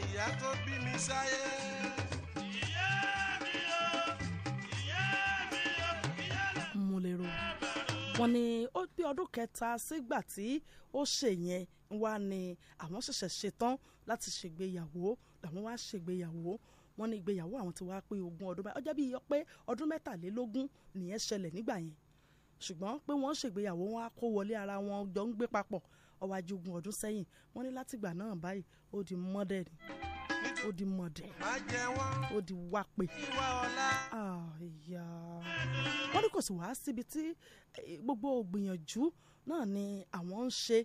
ìyá tó bí mi sáyé. ìyá mi o ìyá mi o ìyá là. mo lè rò wọ́n ní ó pé ọdún kẹta sígbà tí ó ṣe yẹn wá ní àwọn ṣẹ̀ṣẹ̀ ṣetán láti ṣègbéyàwó làwọn wá ṣègbéyàwó wọ́n ní ìgbéyàwó àwọn ti wá pé ogún ọdún báyìí ọjọ́ bíi ọpẹ́ ọdún mẹ́tàlélógún nìyẹn ṣẹlẹ̀ nígbà yẹn ṣùgbọ́n pé wọ́n ṣègbéyàwó wọn á kó wọlé ara wọn jọ ń gbé papọ̀ ọwọ́ ajé ọdún sẹ́yìn wọ́n ní látìgbà náà báyìí ó di mọ́dẹ̀ ni ó di mọ̀dẹ̀ ó di wápé wọ́n ní kò sì wá síbi tí eh, gbogbo ògbìyànjú náà ni àwọn ń ṣe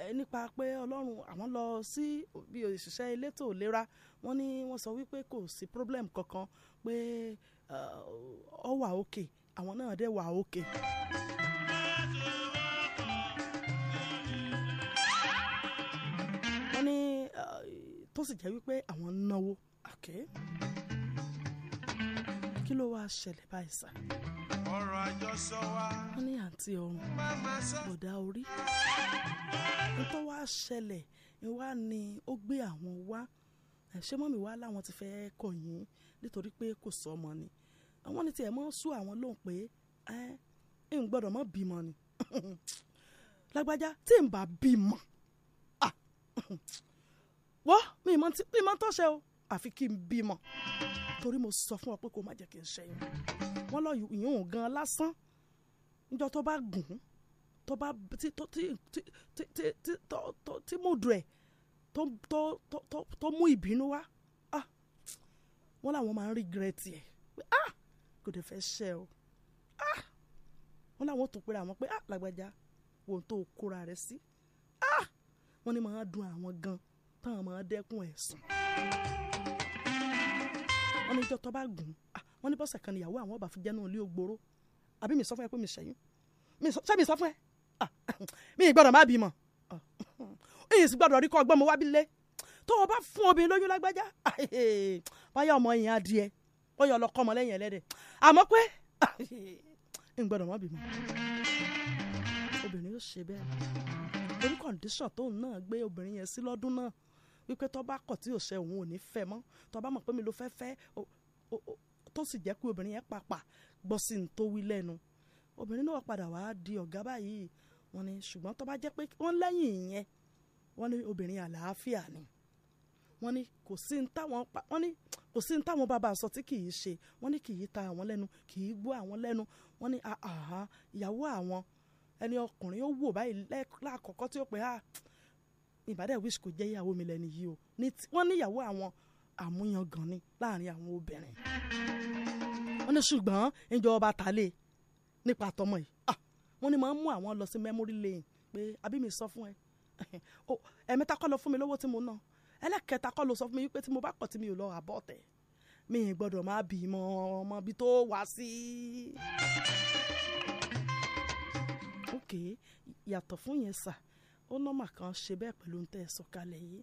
eh, nípa pé ọlọ́run àwọn lọ sí bí òṣìṣẹ́ elétò ìlera wọ́n ní wọ́n sọ wípé kò sí problem kankan pé eh, ó wà òkè. Okay àwọn náà dẹ̀ wà òkè. wọ́n ní uh, tó sì jẹ́ wípé àwọn náwó àkẹ́ kí ló wá ṣẹlẹ̀ báyìí sá. ọ̀rọ̀ àjọsọ wa. wọ́n ní àǹtí ọrùn bọ̀dá orí nítorí wá ṣẹlẹ̀ wá ni ó gbé àwọn wá ṣé mọ́mí wá láwọn ti fẹ́ kọ̀ yín nítorí pé kò sọ ọmọ ni àwọn ní tiẹ̀ máa ń sú àwọn lóhùn pé ẹ ń gbọ́dọ̀ mọ́ bímọ ni lágbájá tí n bá bímọ wọ́n mi ìmọ̀ tó ṣe o àfi kí n bímọ torí mo sọ fún ọ pé kó má jẹ́ kí n ṣẹ́yìn wọ́n lọ ìyún òun gan lásán níjọ́ tó bá gùn tó bá tí tó tí tí tí tí tí tó tó tí múdù ẹ̀ tó tó tó tó mú ìbínú wá ah wọ́n làwọn máa ń rígírẹ́tì ẹ̀ ah kò dé fẹ́ ṣẹ́ o ah! wọ́n láwọn tó pera àwọn pé ah làgbàjá wọ́n tó kóra rẹ̀ sí ah wọ́n ní máa dùn àwọn gan táwọn máa dẹ́kun ẹ̀sùn wọ́n ní ìjọ tó bá gùn ah wọ́n ní bọ́sẹ̀ kan níyàwó àwọn ọba fi jẹ́ náà lé ògbóró àbí mi sọ fún ẹ pé mi ṣẹ́yìn ṣé mi sọ fún ẹ ah mi ì gbọ́dọ̀ má bímọ ah, ìyìn sì gbọ́dọ̀ rí kọ́ ọgbọ́n mo wá bí lé tó o bá fún obìnrin lóyún lágbájá ah, báyà ọmọ yẹn adìẹ bóyá ọlọ́kọ́ ọmọ lẹ́yìn ẹlẹ́dẹ̀ àmọ́ pé n gbọ́dọ̀ mọ́ bímọ obìnrin yóò ṣe bẹ́ẹ̀ torí kọ̀ǹdíṣàn tóun náà gbé obìnrin yẹn sí lọ́dún náà wípé tó bá kọ̀ tí ò ṣe òun ò ní fẹ́ mọ́ tó bá mọ̀ pé mi ló fẹ́ fẹ́ tó sì jẹ́ pé obìnrin yẹn pàpà gbọ́ sí ní tó wí lẹ́nu obìnrin náà padà wá di ọ̀gá báyìí wọ́n ní ṣùgbọ́n tó bá pé wọ́n lẹ́yìn ìyẹn wọ́n ní obìnrin àlàáfíà ni wọ́n ní kò sí ní táwọn pa wọ́n ní kò sí ní táwọn bàbá sọ tí kì í ṣe wọ́n ní kì í ta àwọn lẹ́nu kì í gbọ́ àwọn lẹ́nu wọ́n ní àhà ah, ah, ah, ìyàwó àwọn ẹni ọkùnrin ó wò báyìí láàkọ́kọ́ tí ó pè á ìbàdàn wish kò jẹ́ ìyàwó mi lẹ́ni yìí o wọ́n ní ìyàwó àwọn àmúyangàn ni láàrin àwọn obìnrin wọ́n ní ṣùgbọ́n ìjọba tàlẹ́ e? nípa tọmọ yìí wọ́n ní máa ń mú àwọn lọ sí memory lane pé abí mi sọ fún ẹ ẹ̀mẹ́ta kọ́ lọ fún mi lówó tí mo ná ẹlẹ́kẹta kọ́ ló sọ fún mi wípé tí mo bá kọ̀ tí mi ò lọ àbọ̀tẹ̀ mi ì gbọ́dọ̀ máa bì mọ́ ọmọ bí tó wá sí. ok yàtọ̀ fún yẹn sà ó nọ́mà kan ṣe bẹ́ẹ̀ pẹ̀lú ń ẹ sọ̀kalẹ̀ yìí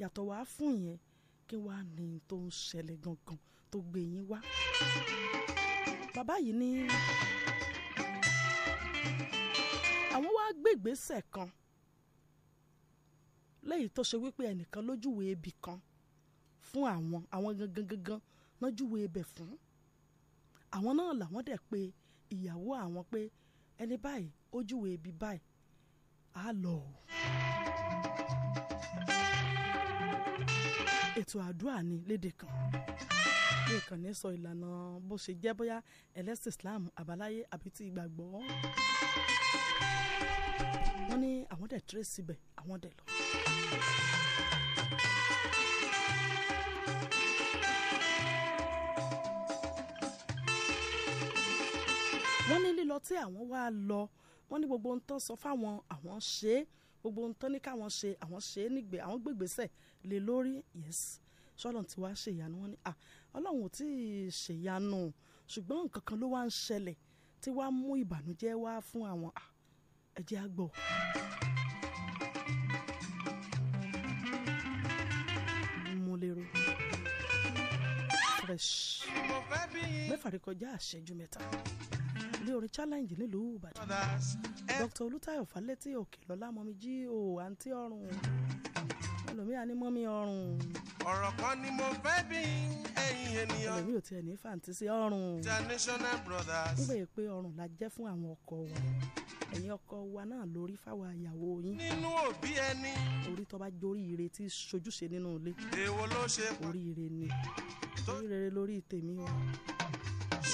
yàtọ̀ wá fún yẹn kí wá ní tó ń ṣẹlẹ̀ gangan tó gbé yín wá. bàbá yìí ní àwọn wá gbé ìgbésẹ̀ kan lẹ́yìn tó ṣe wípé ẹnìkan lójúwe ibì kan fún àwọn àwọn gangan gangan lójúwe ibẹ̀ fún àwọn náà làwọn dẹ̀ pé ìyàwó àwọn pé ẹni báyìí ojúwe ibi báyìí á lọ o. ètò àdúrà ni léde kan ní ìkànnì sọ ìlànà bó ṣe jẹ́ bóyá ẹlẹ́sìn Islam àbáláyé àbí ti ìgbàgbọ́ ní àwọn dẹ̀ trace síbẹ̀ àwọn dẹ̀ lọ. wọ́n ní lílọ tí àwọn wá lọ wọ́n ní gbogbo ohun tán sọ fáwọn àwọn ṣe é gbogbo ohun tán ní káwọn ṣe àwọn ṣe é nígbè àwọn gbègbèsẹ̀ lé lórí yes ṣọlọ́n ti wá ṣèyanu wọ́n ní à ọlọ́run ò tí ì ṣèyanu ṣùgbọ́n nǹkan kan ló wá ń ṣẹlẹ̀ tí wàá mú ìbànújẹ́ wá fún àwọn à ẹ jẹ́ á gbọ́. mo lérò fresh mẹ́fà rí kọjá àṣẹjú mẹ́ta ilé orin challenge nílùú ìbàdàn dr olùtayọ falẹtí òkèlọlá mọmi jí o àǹtí ọrùn ẹlòmíà ní mọmi ọrùn. ọ̀rọ̀ kan ni mo fẹ́ bí ẹ̀yin ènìyàn. ẹlòmíì ò tiẹ̀ ní fàǹtí sí ọrùn. international brothers. ń gbé pé ọrùn la jẹ́ fún àwọn ọkọ wa ẹ̀yin ọkọ wa náà lórí fáwọn àyàwó yín. nínú òbí ẹni. orí tó bá jórí ire tí sojúṣe nínú ilé. èèwọ̀ ló ṣe. oríire ni oríire lórí tèmi o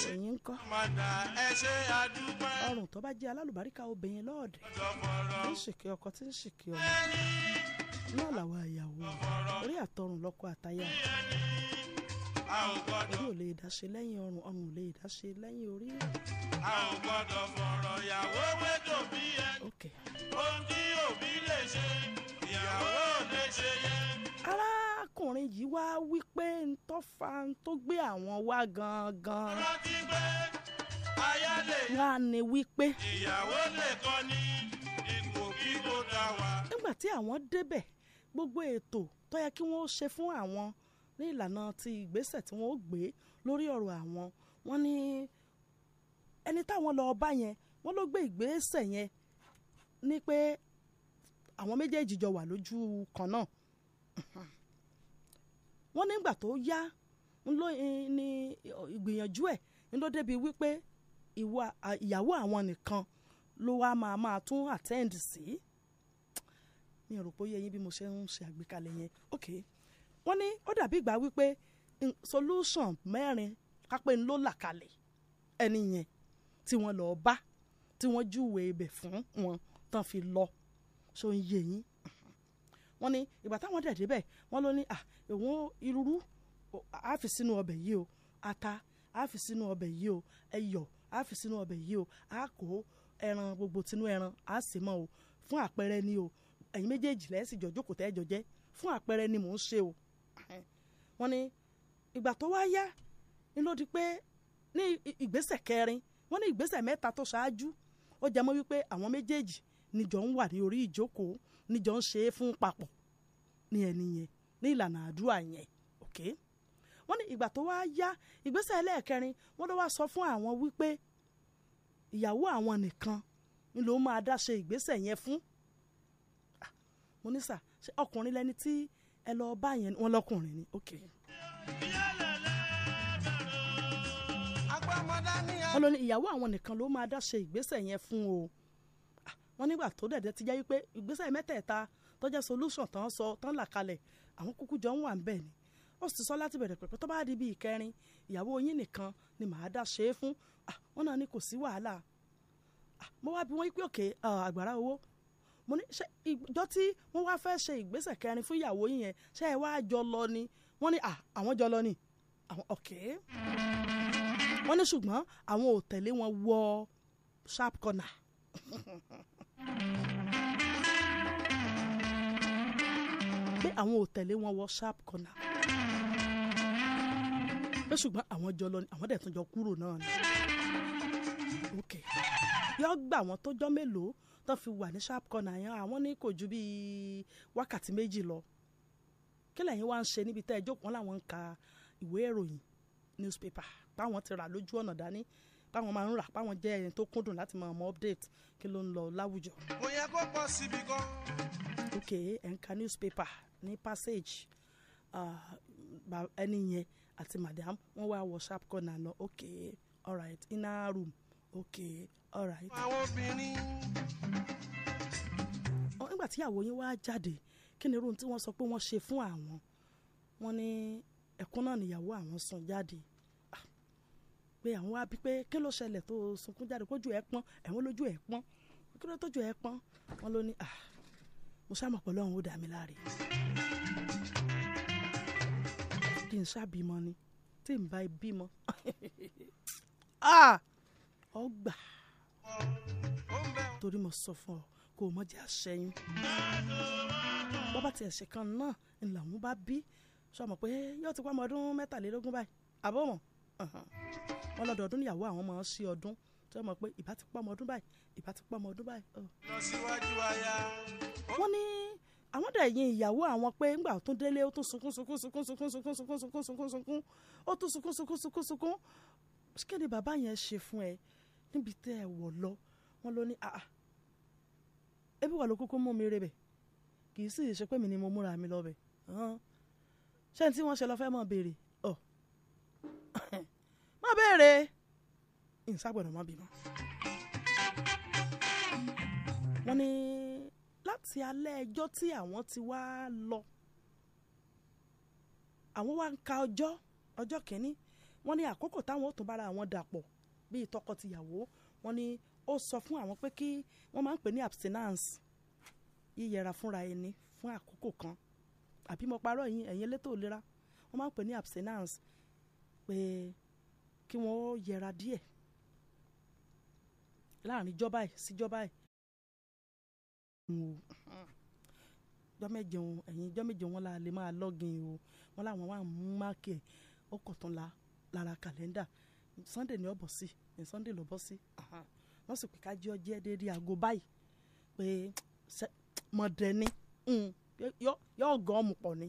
ẹ̀yin ńkọ́. mọ̀dà ẹ ṣe àdúgbò. ọrùn tó bá jẹ́ alálùbáríkà obìnrin lọ́ọ̀dẹ̀. tí ń ṣèké ọkọ tí ń ṣèké ọmọ. náà làwọn àyàwó orí àtọrùn lọ́kọ àtayà a ò lè dáṣe lẹ́yìn ọrùn ọrùn lè dáṣe lẹ́yìn orí. a ò gbọ́dọ̀ fọ̀rọ̀ ìyàwó wẹ́tò bí ẹni. ohun tí òbí lè ṣe ìyàwó ò lè ṣe yẹn. arákùnrin yìí wá wí pé ń tọ́fà ń tó gbé àwọn wá gangan. rántí pé aya lè. wá ní wípé. ìyàwó lè kọ́ ní ipò kí tó dá wa. nígbà tí àwọn débẹ̀ gbogbo ètò tó yẹ kí wọ́n ṣe fún àwọn ní ìlànà ti ìgbésẹ̀ tí wọ́n ó gbé lórí ọ̀rọ̀ àwọn wọ́n ní ẹni táwọn lọ bá yẹn wọ́n ló gbé ìgbésẹ̀ yẹn ní pé àwọn méjèèjì jọ wà lójú kan náà wọ́n nígbà tó yá ní ìgbìyànjú ẹ̀ ló débi wípé ìyàwó àwọn nìkan ló wá máa máa tún attend sí mi ò rò pé ó yẹ yín bí mo ṣe ń ṣe àgbékalẹ̀ yẹn okay wọ́n ní ó dàbí ìgbà wípé solution mẹ́rin kápẹ́ ń ló là kalẹ̀ ẹni yẹn tí wọ́n lọ́ọ́ bá tí wọ́n júwe ibẹ̀ fún wọn tán fi lọ so ń yé yín wọ́n ní ìgbà táwọn dẹ̀ débẹ̀ wọ́n ló ní à èwo irú a sínú ọbẹ̀ yìí o ata a fi sínú ọbẹ̀ yìí o ẹyọ a fi sínú ọbẹ̀ yìí o a kó ẹran gbogbo tinú ẹran a sì mọ́ o fún àpẹẹrẹ ni o ẹ̀yin méjèèjì lẹ́sìn jọ jókòó tẹ́ jọ jẹ́ fún àpẹẹrẹ ni mò ń ṣe o wọ́n ní ìgbà tó wá yá ni ló di pé ní ìgbésẹ̀ kẹrin wọ́n ní ìgbésẹ̀ mẹ́ta tó ṣáájú ó jẹ́ mọ́ wípé àwọn méjèèjì níjọ ń wà ní orí ìjókòó níjọ ń ṣe é fún papọ̀ ní ẹni yẹn ní ìlànà àdúrà yẹn òkè wọ́n ní ìgbà tó wá yá ìgbésẹ̀ ẹlẹ́ẹ̀kẹrin wọ́n ló wá sọ fún àwọn wípé ìyàwó àwọn nìkan ni ló máa dá ṣe ìgbésẹ̀ yẹn fún ah, mo ṣe ọkùnrin lẹni tí ẹ lọ bá yẹn wọn lọkùnrin ni ok. wọ́n lọ ní ìyàwó àwọn nìkan ló máa dá ṣe ìgbésẹ̀ yẹn fún o ah, wọ́n nígbà tó dẹ̀dẹ̀ ti jẹ́ wípé ìgbésẹ̀ mẹ́tẹ̀ẹ̀ta tó jẹ́ solution tán sọ tán là kalẹ̀ àwọn kúkú jọ ń wà ń bẹ̀ ni ó sì sọ láti bẹ̀rẹ̀ pẹ̀pẹ́ tó bá di bíi kẹrin ìyàwó yín nìkan ni màá dá ṣe é fún ah, wọ́n náà ní kò sí wàhálà ah, mo wá bí wọ́n pé òkè àgbàrá owó mo ní ṣe ìjọ tí wọ́n wá fẹ́ ṣe ìgbésẹ̀ kẹrin fún ìyàwó yìí yẹn ṣe ẹ wá jọ lọ ni wọ́n ní àwọn jọ lọ ni àwọn ọ̀kẹ́ wọ́n ní ṣùgbọ́n àwọn ò tẹ̀lé wọn wọ sharp corner. pé àwọn ò tẹ̀lé wọn wọ sharp corner pé ṣùgbọ́n àwọn jọ lọ ni àwọn dẹ̀ tún jọ kúrò náà ni. ok yọ gbà wọn tó jọ mélòó tán fi wà ní sharp corner yẹn àwọn ní kò ju bíi wákàtí méjì lọ kí lẹ́yìn wá ń ṣe níbi tẹ́ ẹ jókòó láwọn ń ka ìwé ìròyìn newspaper báwọn ti rà lójú ọ̀nà dání báwọn máa ń rà báwọn jẹ́ ẹni tó kúndùn láti máa mọ update kí ló ń lọ láwùjọ. kò yẹ kó pọ̀ síbi gan. ok ẹ̀ ń ka newspaper ní passage ẹni yẹn àti madam wọ́n wá wọ sharp corner lọ ok alright inner room okay all right. àwọn obìnrin. nígbà tí ìyàwó yín wá jáde kí ni irú tí wọ́n sọ pé wọ́n ṣe fún àwọn wọ́n ní ẹ̀kún náà nìyàwó àwọn sùn jáde ah, pé àwọn wá bí pé kí ló ṣẹlẹ̀ tó sunkún jáde kójú ẹ̀ pọ́n ẹ̀wọ̀n lójú ẹ̀ pọ́n kí ló tójú ẹ̀ pọ́n wọ́n ló ní ah, mo ṣàmọ̀ pẹ̀lú ọ̀hún ó dà láre kí n ṣàbímọ ni tí n bá bímọ ah! ọ gbà torí mo sọ fún ọ kò mọ jẹ́ àṣẹyìn bọ́ bá tiẹ̀ ṣe kan náà ń làwọn bá bí sọ mọ̀ pé yóò ti pa ọmọ ọdún mẹ́tàlélógún báyìí àbọ̀ wọn wọn lọ́dọọdún níyàwó àwọn ọmọ sí ọdún tó mọ̀ pé ìbá ti pa ọmọ ọdún báyìí ìbá ti pa ọmọ ọdún báyìí. lọ síwájú aya. wọ́n ní àwọn dẹ̀ yin ìyàwó àwọn pé ńgbà tó délé ó tún sunkún sunkún sunkún sunkún sunkún sunkún sunkún sunkún sunkún ó tún sunkún sunkún sunkún sunkún kí ni bàbá yẹn ṣe fún ẹ níbi tẹ́ ẹ wọ̀ lọ wọ́n ló ní àà ebi wà ló kúkú mú mi rebẹ̀ kì í sì ṣe pé mi ni mo múra mi lọ́bẹ̀ ṣé tí wọ́n ṣe lọ fẹ́ mọ̀ béèrè ọ̀ má béèrè ìságbọ̀dọ̀ mọ́ bímọ. wọ́n ní láti alẹ́ ẹjọ́ tí àwọn ti wá lọ àwọn wá ń ka ọjọ́ ọjọ́ kìíní wọ́n ní àkókò táwọn ò tún bára àwọn dàpọ̀ bíi tọkọtìyàwó wọ́n ní ó sọ fún àwọn pé kí wọ́n máa ń pè ní abstinence yíyẹra fúnra ẹni fún àkókò kan àbí mo parọ́ ẹ̀yin ẹ̀yin elétò ìlera wọ́n máa ń pè ní abstinence pé kí wọ́n yẹra díẹ̀ láàrin jọba ẹ̀ sí jọba ẹ̀ jọ́mẹ̀jẹun ẹ̀yin wọn la lè máa lọ́gìn o wọn làwọn wà ń máàkì ẹ̀ ó kọ̀ la lára kàlẹ́ndà sunday ni ọ bọ̀ sí ní sunday ló bọ̀ sí wọ́n sì pé kájí ọjẹ́ déédéé aago báyìí pé mọ̀dẹ ni hmm. yóò gọ́ ọmọ pọ̀ ni.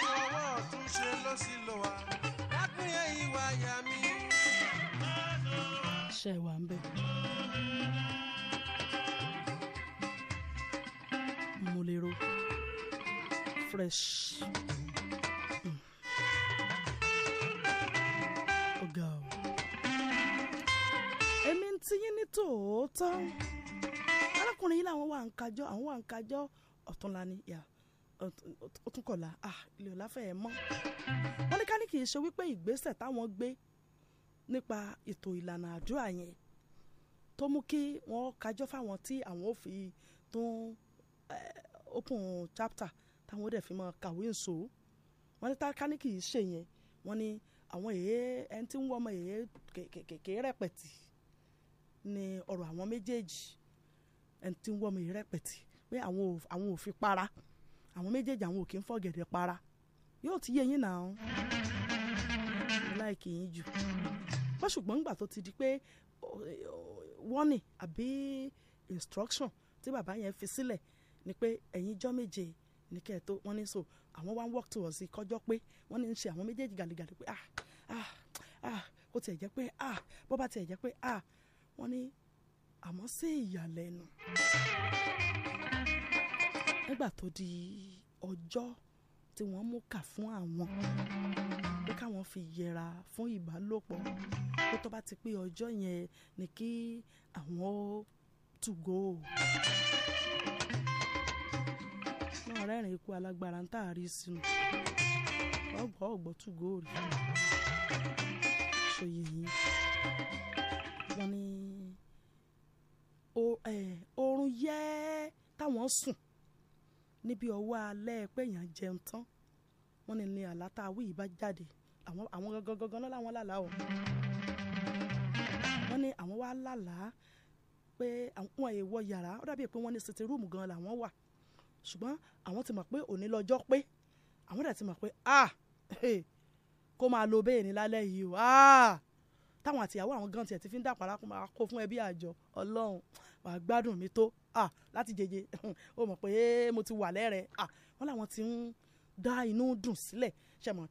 owó ọ̀túnṣe ló sì lò wá lápẹ́yẹ ìwà àyà mi. ṣé wà ń bẹ. mo lè fresh. tán arákùnrin yìí làwọn wà ń kájọ àwọn wà ń kájọ ọ̀túnla ni yà ọ̀túnkọ̀lá ah, ilé ọ̀la fẹ́ ẹ̀ mọ́ wọ́n ní ká ní kì í ṣe wípé ìgbésẹ̀ táwọn gbé nípa ètò ìlànà àdúrà yẹn tó mú kí wọ́n kájọ fáwọn tí àwọn ò fi tó open chapter táwọn dẹ̀ fi mọ kàwé nsò wọ́n ní ká ní kì í ṣe yẹn wọ́n ní àwọn èyí ẹni tí ń wọ́n ọmọ èyí kèké rẹpẹtì ni ọ̀rọ̀ àwọn méjèèjì ẹni tí ń wọ́n mi rẹpẹ̀tì pé àwọn ò fi para àwọn méjèèjì àwọn ò kí ń fọ̀gẹ̀dẹ̀ para yóò ti yé yín náà láìkì yín jù wọ́n ṣùgbọ́n nígbà tó ti di pé warning àbí instruction tí bàbá yẹn fi sílẹ̀ ni pé ẹ̀yin jọ́ méje ní kẹ́ẹ̀tó wọ́n ní so àwọn wá ń work towards it kọjọ́ pé wọ́n ní ń ṣe àwọn méjèèjì gàlígàlí pé ah ah ah kó tiẹ̀ jẹ́ pé ah bó bá tiẹ̀ jẹ́ pé ah wọ́n ní àmọ́ sí ìyàlẹ́nu. nígbà tó di ọjọ́ tí wọ́n mú kà fún àwọn pé káwọn fi yẹra fún ìbálòpọ̀ pé tó bá ti pé ọjọ́ yẹn ni kí àwọn ó tùgò. náà rẹ́rìn-ín ikú alágbára ń tààrí sínú ọgbọ́ ọgbọ́ tùgò rí ṣòye yìí wọ́n ní oorun yẹ́ táwọn sùn níbi ọwọ́ alẹ́ pé èèyàn jẹun tán wọ́n ní ní àlá tá a wí yìí bá jáde àwọn gangan gangan náà làwọn lálàá o wọ́n ní àwọn wá lálàá pé àwọn èèwọ̀ yàrá ó dàbí pé wọ́n ní sitting room gan làwọn wà ṣùgbọ́n àwọn ti mọ̀ pé òní lọ́jọ́ pé àwọn dẹ̀ ti pé ah kó máa lo bẹ́ẹ̀ ní lálẹ́ yìí o ah táwọn àtìyàwó àwọn gan tiẹ̀ ti fi ń dàpọ̀ arákùnrin máa kó fún ẹbí àjọ ọlọ́run wàá gbádùn mi tó láti jẹjẹ ó mọ̀ pé mo ti wà lẹ́rẹ̀ ah làwọn ti ń dá inú dùn sílẹ̀ ṣe mọ̀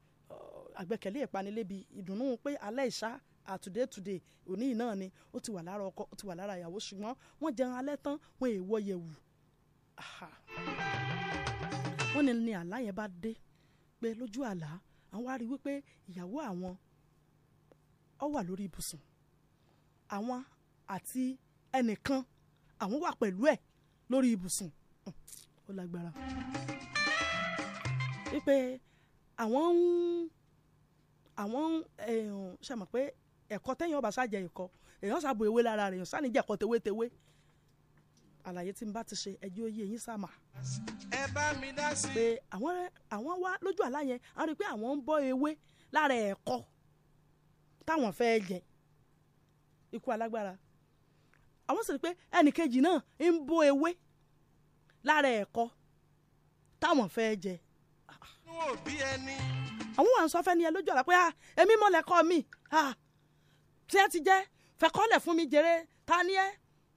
ìpanilébi ìdùnnú pé alẹ́ ìṣá àtúndé tùdé òní náà ni ó ti wà lára ọkọ ó ti wà lára ìyàwó ṣùgbọ́n wọ́n jẹun alẹ́ tán wọ́n èèwọ̀ yẹ̀wù wọ́n ní ni àlá yẹn bá dé pé lójú àlá àwọn wá rí wípé ìyàwó àwọn ọ wà lórí ibùsùn àwọn àti ẹnìkan àwọn wà pẹ̀lú ẹ̀ lórí ibùsùn hmm, ó lágbára wípé àwọn ń àwọn ń eh, ṣàmọ̀ pé ẹ̀kọ́ tẹ́yìn ọba ṣáàjẹ ẹ̀kọ́ èèyàn ṣàbò ewé lára rẹ̀ èèyàn ṣàníjẹ́ ẹ̀kọ́ tewétewé àlàyé tí n bá ti ṣe ẹjọ́ oyè yín sàmà. ẹ bá mi dá sí. pé àwọn wá lójú àlá yẹn a rí i pé àwọn ń bọ́ ewé lára ẹ̀kọ́ táwọn fẹ́ jẹ ikú alágbára àwọn sì pé ẹnìkejì náà ń bó ewé lára ẹ̀kọ́ táwọn fẹ́ jẹ. àwọn wà ń sọ fẹ́ni ẹ lójú ọ̀la pé ah, èmi mọ̀lẹ́ mi ah, tí ẹ ti jẹ́ fẹ́kọ́lẹ̀ fún mi jèrè ta ni ẹ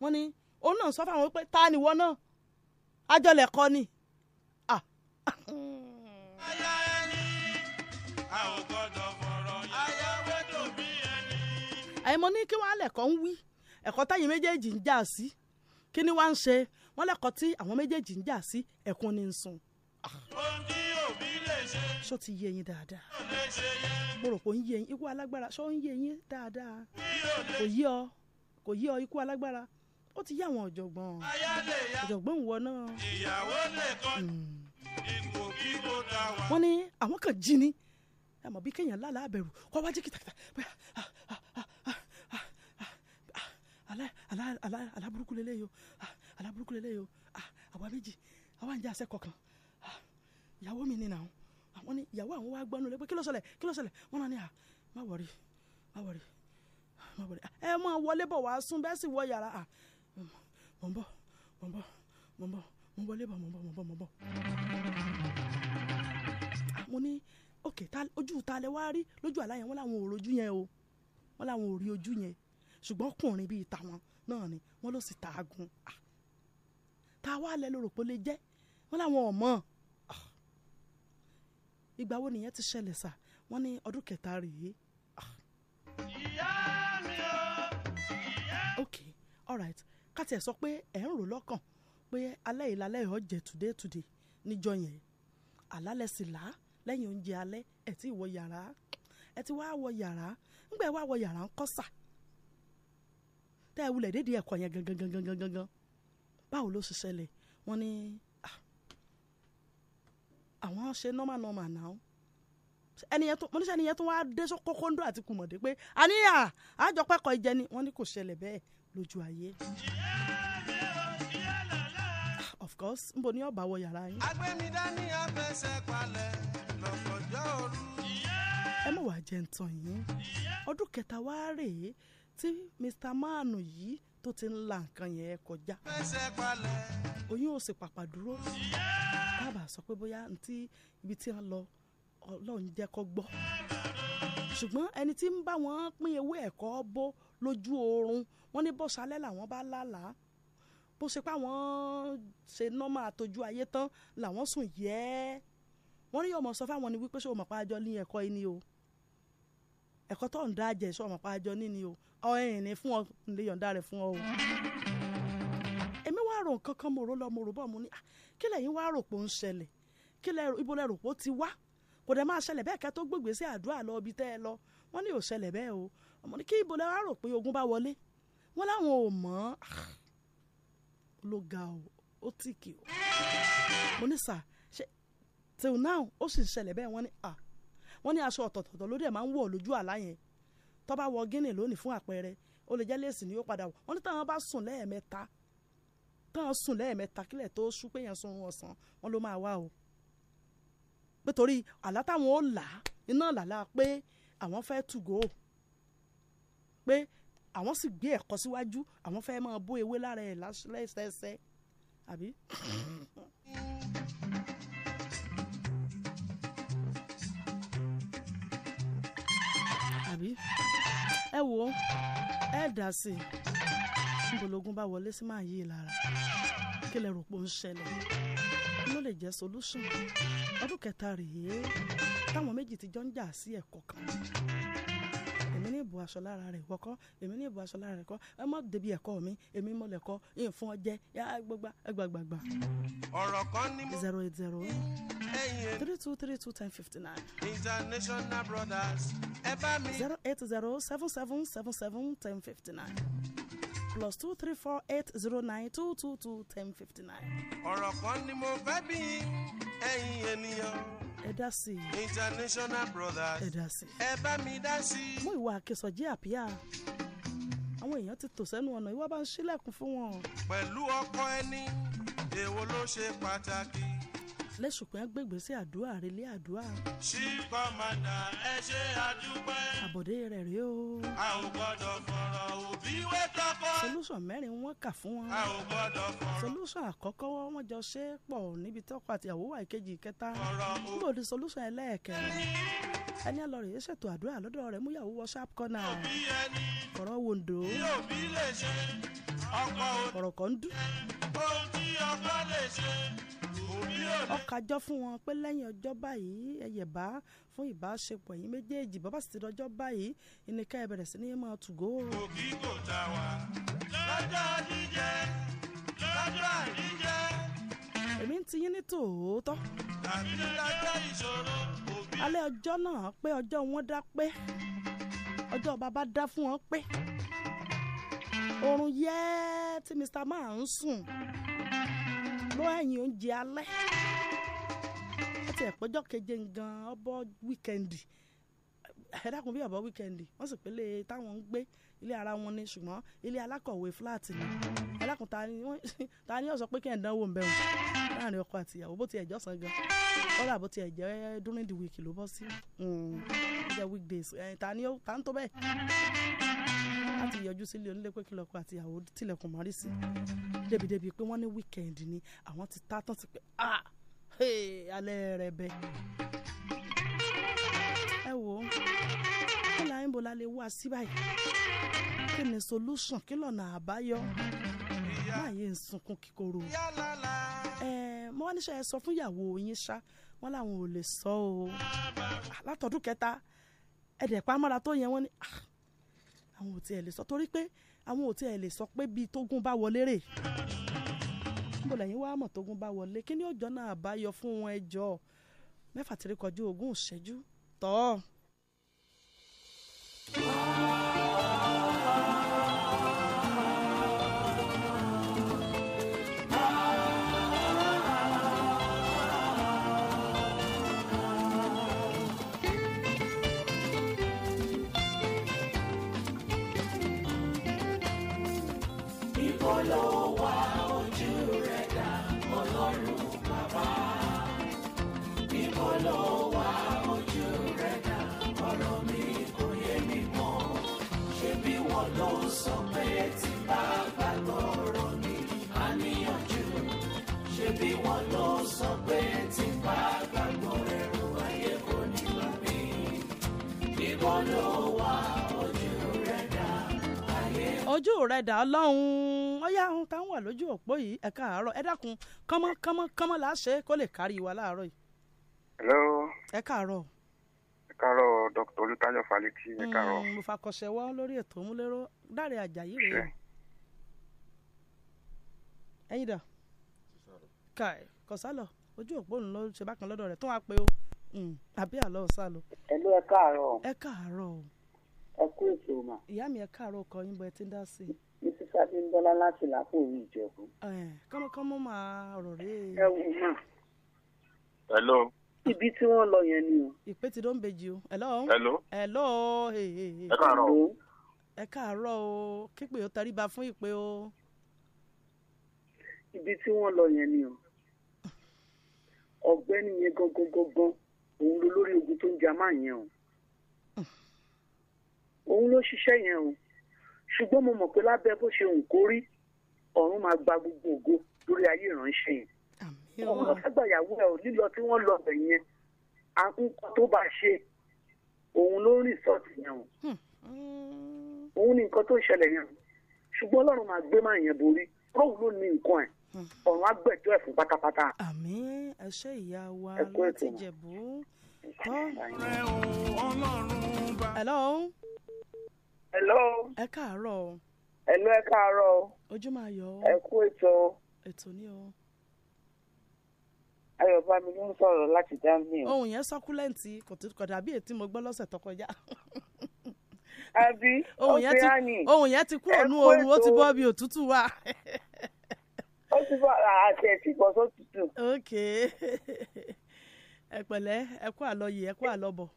wọ́n ní òun náà sọ fáwọn pé ta ni wọ́n náà àjọlẹ̀ ni. Ah. ayá ẹni a ò gbọ́dọ̀ fọ́ ẹ mo ní kí wọ́n á lẹ̀kọ́ ń wí ẹ̀kọ́ táyìn méjèèjì ń jà sí kí ni wọ́n ń ṣe wọ́n lẹ́kọ̀ọ́ tí àwọn méjèèjì ń jà sí ẹ̀kún ni ń sun. ohun tí òbí lè ṣe. ṣó ti yé yín dáadáa. mo rò pé ó ń yé yín ikú alágbára ṣó ń yé yín dáadáa. kò yé ọ kò yé ọ ikú alágbára ó ti yé àwọn ọ̀jọ̀gbọ́n ọ̀jọ̀gbọ́n ìwọ náà. ìyàwó nìkan hmm. ipò kí kò dá wa. wọ́n ní àwọn kan alá alá alá aláburúkú lélẹ́yìí o ah, aláburúkú lélẹ́yìí o ah, àwa méjì àwa ń jẹ́ àṣẹ́kọ̀ọ́ kan ah, ìyàwó mi ni nàá àwọn ni ìyàwó àwọn wa gbọ́nú lẹ́gbẹ́ kí ló ṣẹlẹ̀ kí ló ṣẹlẹ̀ ma náà ma à má wọ̀rí má wọ̀rí má wọ̀rí ẹ máa wọlé bọ̀ wá sùn bẹ́ẹ̀ sì wọ yàrá à mò ń bọ̀ mò ń bọ̀ mò ń bọ̀ mò ń wọlé bọ̀ mò ń mo ní òkè ojú ta lẹ wá rí lójú àlá yẹn wọ́n ò rojú yẹn o wọ́n láwọn ò rí ojú yẹn ṣùgbọ́n ọkùnrin bíi tàwọn náà ni wọ́n ló sì taagun tá a wá lẹ lórò pé ó lè jẹ́ wọ́n láwọn ò ìgbà wo nìyẹn ti ṣẹlẹ̀ sà wọ́n ní ọdún kẹta rèé. ìyá mi o ìyá. ok alright ká tiẹ̀ sọ pé ẹ̀ ń rò lọ́kàn pé alẹ́ ìlàlẹ́ yìí ọ̀jẹ̀ today today níjọ yẹn àlálẹ̀ sì là á lẹ́yìn oúnjẹ alẹ́ ẹ̀ tí ì wọ yàrá ẹ̀ ti wá wọ yàrá ńgbà wá wọ yàrá ńkọ́ sà tẹ́ ẹ wulẹ̀ dédìí ẹ̀kọ́ yẹn gangan báwo ló ṣiṣẹ́ lẹ̀ wọ́n ní ah, àwọn ṣe normal normal náà mo ní sẹ́ni yẹn tó wá dé sọ kókó ńdó àti kùmọ̀dé pé àníyàn àjọpẹ́kọ̀ ìjẹni wọ́n ní kò ṣẹlẹ̀ bẹ́ẹ̀ lójú ayé. Ah, of course n bò ní ọ̀bà wọ yàrá yín. agbẹ́nidá ní abẹ́sẹ̀ palẹ̀ lọ́kọ̀jọ́ òru. ẹ mọ̀ wá jẹ́ ń tàn yín ọdún kẹta wá rèé tí Mr. Man yìí tó ti ń la nǹkan yẹn kọjá oyún ò sì pàpà dúró dábàá sọ pé bóyá ntí ibi tí wọn lọ Ọlọ́run jẹ́ kó gbọ́ ṣùgbọ́n ẹni tí ń bá wọn pín ewé ẹ̀kọ́ bó lójú oorun wọn ní bọ́sálẹ́ làwọn bá lálàá bó ṣe pé àwọn ṣe nọ́mà àtọ́jú ayé tán làwọn sùn yẹ́ wọ́n ní yọ̀mọ̀ sọ fáwọn ni wípé ṣé o mọ̀ pa àjọ ní ẹ̀kọ́ yìí ni o ẹ̀kọ́ tó ń dá jẹ sọ ọmọ pàjọ níní o ọ ẹ̀yìn ni fún ọ lè yọ̀ǹda rẹ̀ fún ọ o. èmi wá rò nǹkan kan mo lọ mo bọ̀ mo ní ah, kí lẹ́yìn wá rò pò ń ṣẹlẹ̀ kí ibo lẹ rò pò ti wá kò dẹ̀ máa ṣẹlẹ̀ bẹ́ẹ̀ kẹ́ tó gbègbè sí àdúrà lọ ibi tẹ́ ẹ lọ wọ́n ní ò bẹ́ẹ̀ o ọmọ ní kí ibo lẹ wá rò pé ogun bá wọlé wọ́n láwọn ò mọ̀ ah, ló ga ó now ó sì ṣẹlẹ̀ wọ́n ní aṣọ ọ̀tọ̀tọ̀tọ̀ lórí ẹ̀ máa ń wọ̀ lójú àlá yẹn tó bá wọ gíní lónìí fún àpẹẹrẹ ó lè jẹ́ léèsì ni ó padà wọ̀ wọ́n ní táwọn bá sùn lẹ́ẹ̀mẹ́ta táwọn sùn lẹ́ẹ̀mẹ́ta kílẹ̀ tó sú pé yẹn sunrun ọ̀sán wọn ló máa wá o pé àlá táwọn ó là iná làlá pé àwọn fẹ́ tùgò pé àwọn sì gbé ẹ̀kọ́ síwájú àwọn fẹ́ máa bó ewé lára ẹ̀ lẹ́sẹẹsẹ àbí. àbí ẹ wò ó ẹ dà sí i ìbòlógún bá wọlé sí máa yí i lára kí lè rò pé ń ṣẹlẹ̀ ló lè jẹ́ solution ọdún kẹta rèé táwọn méjì ti jọ ń jà sí ẹ̀kọ́ kan èmi ní ìbò aṣọ lára rẹ̀ wọ́kọ́ èmi ní ìbò aṣọ lára rẹ̀ kọ́ ẹ má débi ẹ̀kọ́ mi èmi mọ lẹ̀kọ́ ìfún ọjẹ́ gbogbo ẹgbàgbàgbà. ọ̀rọ̀ kan ni mo. zero eight zero three two three two ten fifty nine. international brothers ẹ bá mi. zero eight zero seven seven seven seven ten fifty nine plus two three four eight zero nine two two two ten fifty nine. ọ̀rọ̀ kan ni mo fẹ́ bí ẹ̀yin ènìyàn ẹ dá sí i. international brothers ẹ dá sí i. ẹ bá mi dá sí i. mú ìwà àkẹsọ̀jí àpíà àwọn èèyàn ti tò sẹ́nu ọ̀nà ìwà bá ń ṣílẹ̀kùn fún wọn. pẹ̀lú ọkọ ẹni èwo ló ṣe pàtàkì lẹ́sùpẹ́ agbègbèsè àdúrà relé àdúrà. sí kọ́mọ̀dà ẹ ṣe àdúpẹ́. àbọ̀dé rẹ̀ rèé o. a ò gbọ́dọ̀ fọ̀rọ̀ òbí wé tọkọ. solúsàn mẹ́rin wọ́n kà fún wọn. a ò gbọ́dọ̀ fọ̀rọ̀. solúsàn àkọ́kọ́ wọ́n jọ ṣe é pọ̀ níbi tọ́kọ àti àwòwà ìkejì ìkẹta. fọ̀rọ̀ òbí. níbo ẹni ẹ lọ rèé ṣètò àdúrà lọ́dọ̀ rẹ̀ múyàwó wọ sharp corner ọ̀rọ̀ wòǹdó ọ̀rọ̀ kan dún ọkàjọ́ fún wọn pé lẹ́yìn ọjọ́ báyìí ẹ̀yẹ̀bá fún ìbáṣepọ̀ ẹ̀yin méjèèjì bàbá sì ti dọjọ́ báyìí ìníkà ẹ̀ sí ní máa tùgó. òkì kò ta lọ́jọ́ jíjẹ lọ́jọ́ àdíjẹ èmi ń ti yín ní tòótọ́. alẹ́ ọjọ́ náà pé ọjọ́ wọn dá pé ọjọ́ bàbá dá fún wọn pé oorun yẹ́ tí Mr. Man ń sùn ló ẹ̀yìn oúnjẹ alẹ́ ó ti ẹ̀pọ́jọ́ keje gan ọbọ̀ wíkẹ́ndì ẹ dákun bí ọ̀bọ̀ wíkẹ́ndì wọ́n sì pélé táwọn ń gbé ilé ara wọn ni ṣùgbọ́n ilé alákọ̀wé fúláàtì ni ẹ dákun ta ni ó sọ pé kí ẹ̀ dánwò ń bẹ̀rù láàrin ọkọ àti ìyàwó bó ti ẹjọ́ san gan kọ́lá bó ti ẹjẹ́ during the week ló bọ́ sí ẹjẹ́ hmm. weekdays ta ni ta ń tó bẹ́ẹ̀ láti yọjú sílé onílé pé kí lọ́kọ àti ìyàwó tilẹ̀kùn mọ́rí sí débi pé wọ́n ní weekend ni àwọn ti tá tán ti pé ah alẹ́ rẹ̀ bẹ́ẹ̀ ẹ wò kí láyé ń la lè wá sí báyìí kí ni solution kí lọ́nà àbáyọ bàbá yìí ń sunkún kíkorò mo wá níṣẹ́ ẹ sọ fún ìyàwó yín ṣá wọn làwọn ò lè sọ o látọdún kẹta ẹ̀dẹ̀ pamọ́ra tó yẹ wọ́n ní ah, àwọn ò tiẹ̀ lè sọ torí pé àwọn ò tiẹ̀ lè sọ pé bíi tógun bá wọlé rè níbo lẹ́yìn wá mọ̀ tógun bá wọlé kí ni òjò náà bá yọ fún wọn ẹjọ́ mẹ́fà tí rí kọjú ogún ìṣẹ́jú tọ́. ojú rẹ̀ dà lọ́hùn-ún ọ̀yá àwọn tá ń wà lójú òpó yìí ẹ̀ka àárọ̀ ẹ dákun kánmọ́ kánmọ́ kánmọ́ là á ṣe kó lè kárí wa láàárọ̀ yìí. hello. ẹ káàárọ̀. ẹ káàárọ̀ dr olùtayọ̀ falẹ́tì ẹ káàárọ̀. Hmm, mo fakọsẹ̀wọ́ lórí ètò múlẹ́rọ́ dáre àjàyí rèé. ẹyin dà kai kọsálọ ojú òpó ń lọ ṣe bákan lọ́dọ̀ rẹ̀ tó wàá pé o hmm, àbí àlọ́ sálọ. ẹ ló ẹ káàárọ̀. ẹ káàárọ̀ ẹ kú ètò mà. ìyá mi ẹ káàárọ̀ ọkọ yín bọ ẹ ti ń dá sí i. mrs abimbola láti làkúrò ìjẹ̀bú. kọ́mọkọ́mọ máa ọ̀rọ̀ rẹ̀. ẹ wù mà. hello. ibi tí wọ́n lọ yẹn ni o. ìpè tí ló ń bejì o. hello. hello. hello. ẹ káàárọ̀ o. ẹ káàárọ̀ o kípè o taríba fún ìpè o. ibi tí wọ́n lọ yẹn ni o. ọ̀gbẹ́ni yẹn gangan gangan òun lolórí ogun tó ń jà máa yẹn o òun ló ṣiṣẹ́ yẹn o ṣùgbọ́n mo mọ̀ pé lábẹ́ bó ṣe hùn kó ọ̀run máa gba gbogbo ògo lórí ayé ìránṣẹ́ yẹn ọmọ ọ̀sàgbà ẹ̀ ò lílọ tí wọ́n lọ bẹ̀ yẹn akúkọ tó bá ṣe òun ló ń rìsọ́ọ̀tì yẹn o hmm. òun ni nǹkan tó ṣẹlẹ̀ yẹn ṣùgbọ́n ọlọ́run máa gbé máa yẹn borí lóhùn ló ní nǹkan ẹ̀ hmm. ọ̀run á gbẹ̀jọ́ ẹ̀ fún pátápátá. àmín ẹṣẹ ìyá wa láti jẹ̀bú. hello hello. ẹ káàárọ̀ hello ẹ káàárọ̀ o. ojú máa yọ o. ẹ kú ètò o. ètò ni o. ayọ̀bámi ló ń sọ̀rọ̀ láti Germany o. ohun yẹn sọkúlẹ̀ǹtì kò tó kọ̀dà bí ètí mo gbọ́ lọ́sẹ̀ tó kọjá. àbí ọ̀fíàní. ohun yẹn ti kúrò ní ooru ó ti bọ́ bí òtútù wà. ó ti bọ́ àti ẹ̀ bọ́ sótútù. ok ẹ ẹ kú àlọ́ yìí ẹ kú àlọ́ bọ̀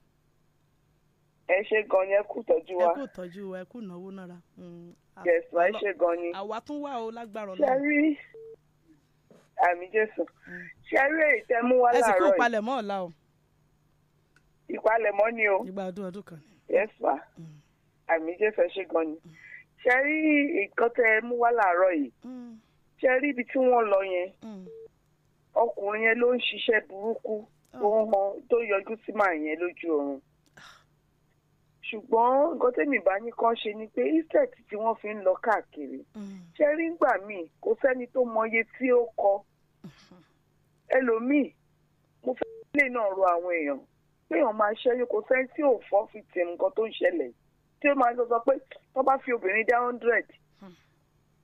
ẹ ṣe gan ni ẹ kú tọ́jú wa ẹ kú tọ́jú wa ẹ kú náwó nára. Mm, yẹsùn ẹ ṣe gan ni. àwa tún wà ó lágbára Ọlọ́run. ṣẹ́rí àmì jésù mm. ṣẹ́rí èyí tẹ́ mú wá láàárọ̀ yìí. ẹ sì kú ìpalẹ̀mọ́ ọ̀la o. ìpalẹ̀mọ́ ni o. ìgbà ọdún ọdún kan. yẹsùn mm. àmì jésù ẹ ṣe gan ni. ṣẹ́rí nǹkan tẹ́ mú wá láàárọ̀ yìí. ṣẹ́rí ibi tí wọ́n lọ yẹn ọkùnrin yẹn ló ń ṣiṣẹ́ burúkú ah. tó yọjú sí màá yẹn lójú oorun ṣùgbọ́n nǹkan tẹ́mi bá ní kán ṣe ni pé insect tí wọ́n fi ń lọ káàkiri mm. ṣe rí ngbà míì kò sẹ́ni tó mọye tí ó kọ ẹlòmíì mo fẹ́ lè náà rọ àwọn èèyàn pé èèyàn máa ṣẹ́yún kò sẹ́ni tí ò fọ́ fi tì nǹkan tó ń ṣẹlẹ̀ tí ó máa ń sọ pé tó bá fi obìnrin dá hundred hmm.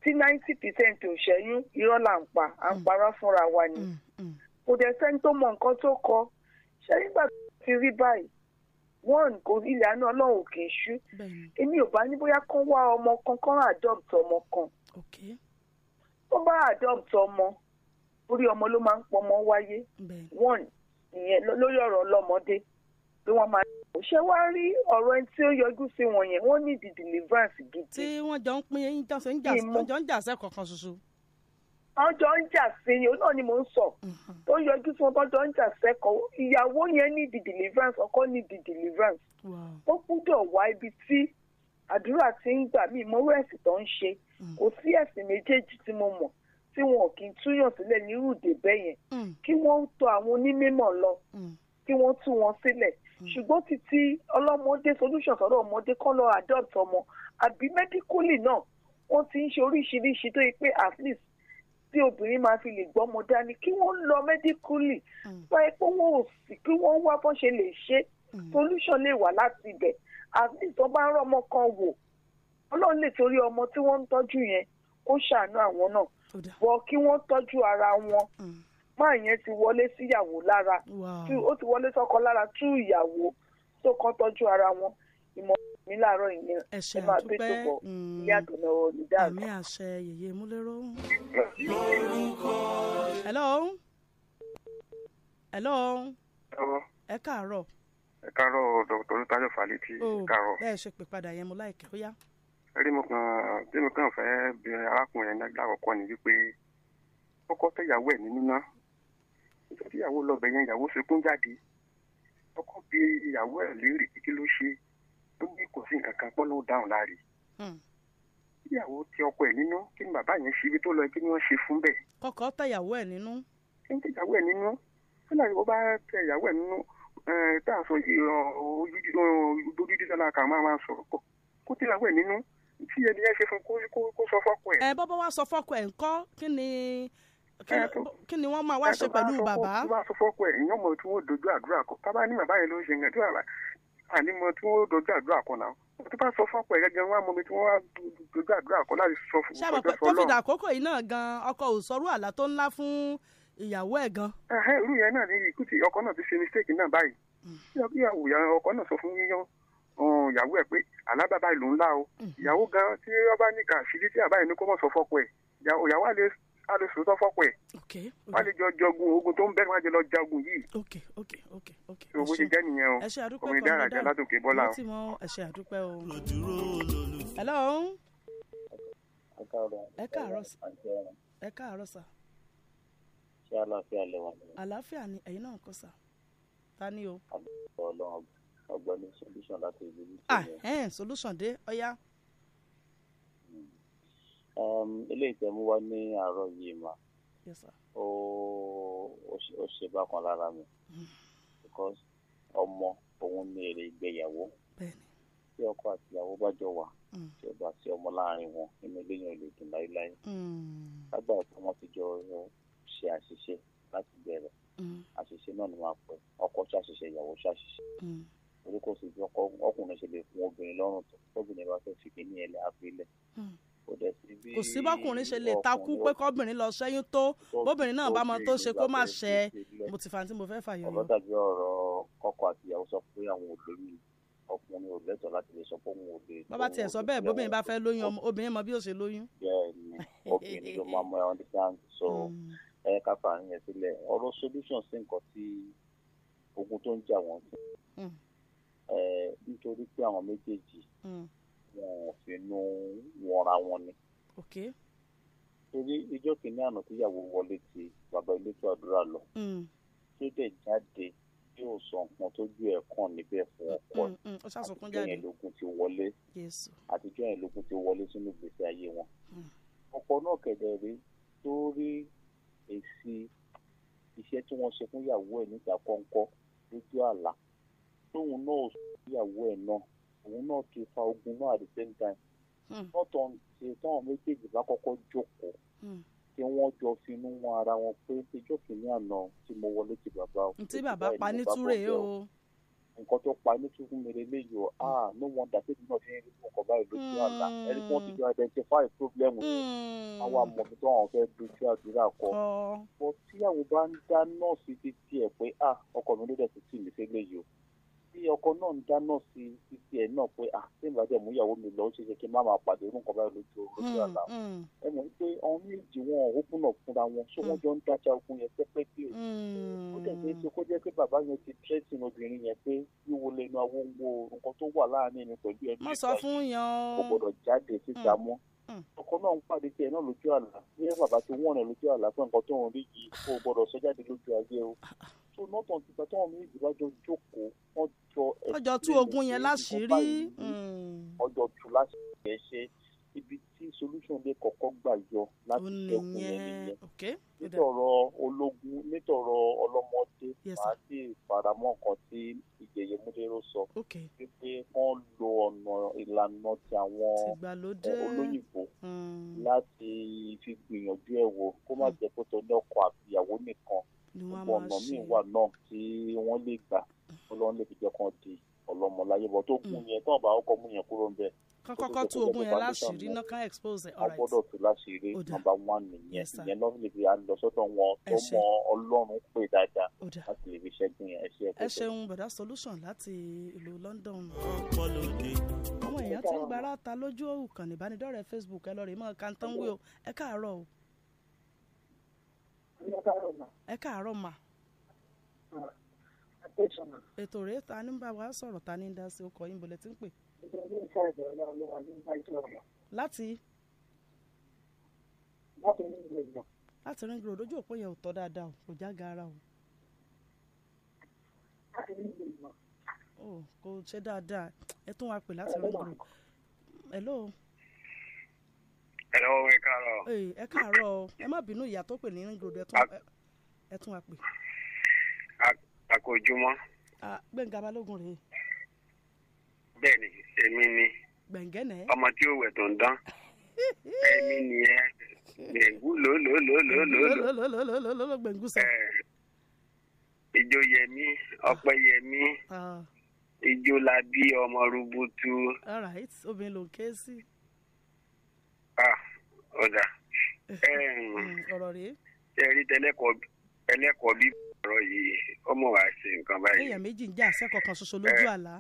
tí ninety percent ò ṣẹ́yún irọ́ là ń pa à ń hmm. para fúnra wa ni hmm, kò dẹ̀ sẹ́ni tó mọ nǹkan tó kọ ṣẹ́yìn gbà tó ti rí báyìí one kò ilẹ̀ àánú ọlọ́run kì í ṣú èmi ò bá ní bóyá kán wá ọmọ kan kán adopt ọmọ kan tó bá adopt ọmọ orí ọmọ ló máa ń pọmọ wáyé one ìyẹn lórí ọ̀rọ̀ ọlọ́mọdé pé wọ́n máa kò ṣe wá rí ọ̀rọ̀ ẹni tí ó yọjú sí wọn yẹn wọ́n ní ìdí deliverance gidi. tí wọ́n jọ ń pín ẹyin jọ ń jà sẹ́kọ̀ọ́ kan ṣoṣo wọn jọ ń jà sí i òun náà ni mò ń sọ tó mhm. yọjú fún ọkọ jọ ń jà sẹkọ ìyàwó yẹn ní di deliverance ọkọ ní di deliverance ó gbúdọ̀ wá ibi tí àdúrà ti ń gbà mí ìmọ̀wé ẹ̀sìn tó ń ṣe mm. kò sí ẹ̀sìn méjèèjì tí mo mọ̀ tí wọn kì í túyàn sílẹ̀ nírú ìdè bẹ́ẹ̀ yẹn mm. kí wọ́n tọ̀ àwọn onímọ̀ lọ mm. kí wọ́n tú wọn sílẹ̀ ṣùgbọ́n títí ọlọ́mọdé solution sọ̀rọ̀ ọmọdé kọ́ lọ adopt ọmọ àbí medically náà wọ́n ti ń ṣe oríṣiríṣi tó yẹ pé at least tí obìnrin máa fi lè gbọ́mọ dání kí wọ́n lọ mẹ́díkùlì mm. bá ẹ pé ò sí kí wọ́n wá bọ́n ṣe lè ṣe mm. solution lè wà láti ibẹ̀ àti ìtàn bá ń ọmọ kan wò ọlọ́run lè torí ọmọ tí wọ́n ń tọ́jú yẹn kó ṣàánú àwọn náà bọ́ kí wọ́n tọ́jú ara wọn mm. máa yẹn ti wọlé síyàwó lára ó ti wọlé sọ́kọ lára tú ìyàwó tó kàn tọ́jú ara wọn ìmọ̀ ní láàárọ̀ yìí náà ẹ máa gbé tó bọ̀ ilé àtọ̀nà olùdáàbò. àmì àṣẹ yèyé múlẹ́rọ. hello. hello. ẹ káàárọ̀. ẹ káàárọ̀ dr tayo faliti ẹ oh, káàárọ̀. bẹ́ẹ̀ ṣe pè padà yẹn mo láìkẹ́ ó yá. rí mo kàn bí mo kàn fẹ́ bí arákùnrin yẹn lákọ̀ọ́kọ́ ni wípé ọkọ tẹ̀yàwó ẹ̀ nínú náà nítorí ìyàwó lọ́bẹ̀ yẹn ìyàwó fi kún jáde ọkọ bí ìyàwó ẹ̀ léèrè kí ló ṣe tó bí kò sí nǹkan kan pọ́nlọ́ dáhùn láre. Hmm. ìyàwó ti ọkọ ẹ̀ nínú kí ni bàbá yẹn ṣe ibi tó lọ kí ni wọ́n ṣe fún bẹ́ẹ̀. kọkọ tẹyàwó ẹ nínú. kí ni tẹyàwó ẹ nínú fúlàní ó bá tẹyàwó ẹ nínú eh, tá a sọ yìí ojú dídí sára kà máa máa sọ̀rọ̀ kọ kó tẹyàwó ẹ nínú tí ẹni yẹn ṣe fún kó sọ fọ́kọ ẹ. ẹ bọ́bọ́ wá sọ fọ́kọ ẹ̀ ńkọ́ kí ni kí ni eh, wọ́n máa wá eh, ṣe pẹ̀lú bàbá. tó bá sọ fọ́kọ ẹ̀ ìyọ́n mọ̀ tí wọ́n dojú àdúrà kọ tábà ní bàbá yẹn ló ń ṣe nǹkan tí ànímọ̀ tí wọ́n dojú àdúrà kan náà tó bá sọ fún ọkọ ẹ̀rẹ́ gan-an wá mọ́mi tí wọ́n wá dojú àdúrà kan láti sọ fún ọjọ́ sọlọ́ọ̀. sábà tó fi dàkókò yìí náà gan-an ọkọ ò sọrú àlá tó ńlá fún ìyàwó ẹ̀ gan. irú yẹn náà ni ikú ti ọkọ náà ti ṣe mistake náà báyìí mm. ìyàwó ọkọ náà sọ fún yíyan ìyàwó ẹ̀ pé alábàbà ìlú ńlá o mm. ìyàwó gan tí ọba ní kàṣírí tí àbáyé ní kó mọ̀ sọ fọkọ ẹ̀ ìyàwó àlè a lè sòótọ́ fọ́pọ̀ ẹ̀ wọ́n lè jọ jọgun ogun tó ń bẹ́ẹ̀ wọ́n á jẹ lọ jagun yìí. ogun ti jẹ́ nìyẹn o orin ìdárayá látòkè bọ́lá o. hello. ẹ káàárọ̀ sà. ẹ káàárọ̀ sà. ṣé àlàáfíà lè wà ní. àlàáfíà ni ẹ̀yin náà kọ́ sà. ta ni o. ọlọ́run ọgbọ́n solution láti ibi. ah solution dé ọ̀ya. Oh, yeah ilé um, ìtẹ̀mú wa ní àárọ̀ yìí mà ó ó ṣe bákan lára mi mm-hmm. because ọmọ òun ní èrè ìgbéyàwó tí ọkọ àti ìyàwó bá jọ wà mm. tí ó bá sí ọmọ láàrin wọn nínú ilé yẹn ò lè dùn láéláé mm. lágbàá tí wọn ti jọ uh, ṣe àṣìṣe láti bẹ̀rẹ̀ mm. àṣìṣe náà ni wọn pẹ ọkọ ṣàṣìṣe ìyàwó ṣàṣìṣe orí kò sí ọkùnrin ṣe lè fún obìnrin lọ́rùn tó obìnrin bá fẹ́ fi kíní ẹ̀ lẹ́ àfilẹ̀ kò dẹ̀ sí bí. kò sí bọ́kùnrin ṣe lè takú pé kọ́bìnrin lọ ṣẹ́yún tó bóbìnrin náà bá mọ tó ṣe kó má ṣẹ mo ti fàǹtí mo fẹ́ fàyọ. ọ̀rọ̀ dàbí ọ̀rọ̀ ọkọ àti ìyàwó sọ pé àwọn ò ọkùnrin ò lẹ́tọ̀ọ́ láti lè sọ pé òun ò lè. bàbá tiẹ̀ sọ bẹ́ẹ̀ bóbìnrin bá fẹ́ lóyún obìnrin mọ bí ó ṣe lóyún. bẹ́ẹ̀ni obìnrin ló máa mọ ẹ understand so ẹ káfà yẹn sílẹ̀ ọ̀rọ̀ solution sí nǹkan tí ogun tó ń jà wọ́n sí. Hmm. nítorí pé àwọn méjèèjì hmm wọn ò sínú wọnra wọn ni. torí ijó kìíní àná tíyàwó wọlé ti bàbá elétò àdúrà lọ mm. tó dẹ̀ jáde yóò sọ nǹkan tójú ẹ̀ kàn níbẹ̀ fún mm, ọkọ mm, àtijọ́ yẹn lógún ti wọlé àtijọ́ yẹn lógún ti wọlé sínú ìgbésí ayé wọn. ọkọ náà kẹ̀dẹ̀ rí torí èsì iṣẹ́ tí wọ́n ṣe fún ìyàwó ẹ̀ níta kọ́ńkọ́ lójú àlá tóun náà sọ ìyàwó ẹ̀ náà òun náà ti fa ogun náà at the same time lọ́tọ̀ ṣe táwọn méjèèjì bá kọ́kọ́ jókòó hmm. kí wọ́n jọ finú wọn ara wọn pé ìjọ kìíní àná tí mo wọlé ti bàbá o. tí bàbá pa nítorí o. nǹkan tó pa nítorí mi lélẹ́yìí o hmm. ah no wonder pé nínú ọdún yìí nǹkan báyìí lójú hmm. àlá ẹni tí wọ́n ti jọ identify problem àwọn amọ̀bí tó àwọn fẹ́ dojú àdúrà kọ. bọ́ tíyàwó bá ń dá nọ́ọ̀sì ti tiẹ̀ pé ah ọkọ mi ló dẹ̀ ti tì mí sílẹ̀ yìí o tí ọkọ náà ń dáná sí títí ẹ̀ náà pé ah ṣé ìbàdàn mú ìyàwó mi lọ ó ṣeéṣe kí n má máa pàdé irú nǹkan báyìí lójú lójú hmm, àlá hmm. ẹ mọ̀ pé àwọn méjì wọn ò kún náà fúnra wọn ṣé wọ́n hmm. jọ ń dájà ogun yẹn pẹ́pẹ́ bí o ó dẹ̀ ṣe é ṣe kó jẹ́ pé bàbá yẹn ti dírẹ́sìn obìnrin yẹn pé wíwo lẹ́nu awo ń wo nǹkan tó wà láàárín mi pẹ̀lú ẹni Hmm. ọkọ náà ń pàdé tiẹ̀ náà lójú àlá ní bàbá tó wọ̀nà lójú àlá fún nǹkan tó ń rí yìí kó o gbọ́dọ̀ sọ jáde lójú ayé o tó ah, ah. nọ́tàn ti gbà táwọn méjì bá jọ jókòó wọ́n jọ ẹ̀sìn ọjọ́ tú ogun yẹn láṣìírí hmm. ọjọ́ tú láṣìírí ẹ̀ ṣe ibi t tí solution lè kọ́kọ́ gbà yọ láti dẹ́kun yẹn nìyẹn nítọ̀rọ̀ ológun nítọ̀rọ̀ ọlọ́mọdé màá sì faramọ́ tí ìjẹyẹ múdéró sọ wípé wọ́n lo ọ̀nà ìlànà ti àwọn eh, olóyìnbó hmm. láti fi gbìyànjú ẹ̀ wò kó má hmm. jẹ́ pé tó ní àbíyàwó nìkan gbogbo ọ̀nà míì wà náà tí wọ́n lè gbà hmm. ọlọ́run lè fi jẹ́ kan di ọlọ́mọláyé bọ̀ tó gún yẹn tó àbá ọkọ̀ mú yẹn kúrò ń bẹ́ẹ̀ kán kọ́kọ́ tú ogun yẹn láṣìírí náà kán expose all right. ọgbọ́dọ̀ láṣìírí nọ́mbà one nìyẹn ìyẹn lọ́fíìlì fi àlọ́sọ́dọ̀ wọn tó mọ ọlọ́run pè dáadáa láti lè fi ṣẹ́gun yẹn ẹṣẹ́ ẹ̀kọ́. ẹ ṣeun bọ̀dá solution láti ìlú London. àwọn èèyàn ti ń gbára ta lójú òkàn ìbánidọ́rẹ̀ẹ́ Facebook ẹ lọ rè mọ́ kàńtánwé o ẹ káàárọ̀ o. ẹ káàárọ̀ mà ètò rèé ta ní bá wa sọ̀rọ̀ ta ní dá sí ọkọ̀ yín bolẹ̀ tí ń pè láti. láti ring road. láti ring road ojú òpó yẹn ò tọ́ dáadáa kò já gaara o. láti ring road. o kò ṣe dáadáa ẹ tún wá pè láti ring road. hello. hello ẹ káàárọ̀. ẹ káàárọ̀ ẹ má bínú ìyá tó pè ní ring road ẹ tún wá pè. àkójúmọ́. gbẹ̀ngà rèé bẹ́ẹ̀ni èmi ni ọmọ tí ó wẹ̀ tó ń dán èmi nìyẹn gbẹ̀ngú lòlòlòlòlòlòlòlòlòlòlò gbẹ̀ngú sọ. ìjó yẹmí ọpẹ yẹmí ìjó la bí ọmọ rúbútú. all right obìnrin ló ké sí. ah ọ̀dà mm, ọ̀rọ̀ rèé. ṣe rí tẹ́lẹ̀kọ́ ẹlẹ́kọ̀ọ́ bí ọ̀rọ̀ yìí ọmọ wa ṣe nǹkan báyìí. èèyàn méjì ń jà sẹ́kọ̀ọ́ kan ṣoṣo lójú àlá.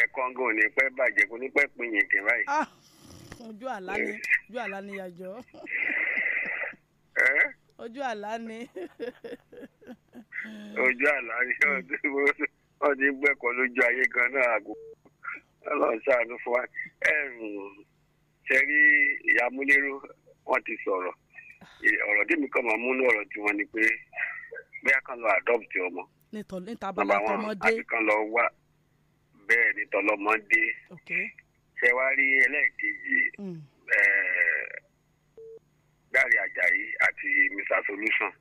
ẹ̀kan gan ò ní pẹ́ bàjẹ́ kò ní pẹ́ pin yèké báyìí. Ah! ojú àlá ni ojú àlá ni yàjọ. ojú àlá ni. ojú àlá ni wọ́n ti lójú ayé gan náà àgùn ọlọ́run ṣàánú fún wa. a kan lọ adopt ọmọ. nítorí níta bá lọ́tọ́ ọmọdé. bẹ́ẹ̀ ni tọlọmọdé ṣe wá rí ẹlẹ́ẹ̀kejì Dáre hmm. Àjàyí àti Mr Solution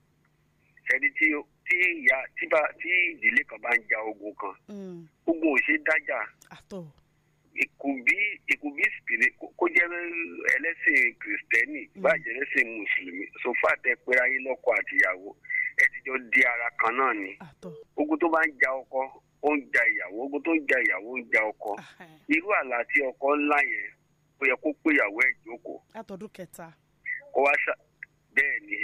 ṣẹ́ni tí tí ìyá tí bá tí ìdílé kan bá ń ja ogun kan hmm. ogun ò ṣe dájà ìkùbí ìkùbí spiri kó jẹ́ ẹlẹ́sìn kìrìsìtẹ́nì hmm. bá jẹ́ ẹlẹ́sìn mùsùlùmí sofa tẹ péra yín lọ́kọ àtìyàwó ẹ ti jọ di ara kan náà ni ogun tó bá ń ja ọkọ ó ń ja ìyàwó ogun tó ń ja ìyàwó ń ja ọkọ irú àlá tí ọkọ ńlá yẹn ó yẹ kó pé ìyàwó ẹ̀ jókòó. látọdún kẹta. kó wá ṣá bẹ́ẹ̀ ni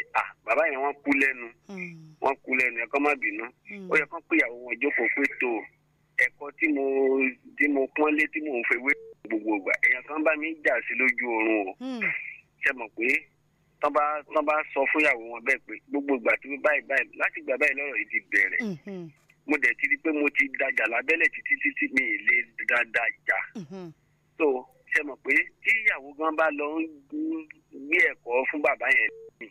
bàbá yẹn wọ́n kú lẹ́nu hmm. wọ́n kú lẹ́nu ẹ̀kọ́ má bínú hmm. ó yẹ kó pé ìyàwó wọn jókòó pé tó ẹ̀kọ́ tí mo tí mo pọ́nlé tí mo ń fewé gbogbo ìgbà èèyàn kan bá mi jà sí lójú oorun o hmm. ṣe mọ̀ pé tán bá tán bá sọ fún ìyàwó wọn bẹ́ẹ̀ pé gbogbo ìgbà tó báyìí báyìí láti gbà báyìí lọ́rọ̀ yìí ti bẹ̀rẹ̀ mo dẹ̀ ti rí pé mo ti dájà lábẹ́lẹ̀ títí títí mi ì lè dáadáa ìjà. Mhm. so ṣe mọ̀ pé tí ìyàwó gan bá lọ ń gbé ẹ̀kọ́ fún bàbá yẹn ni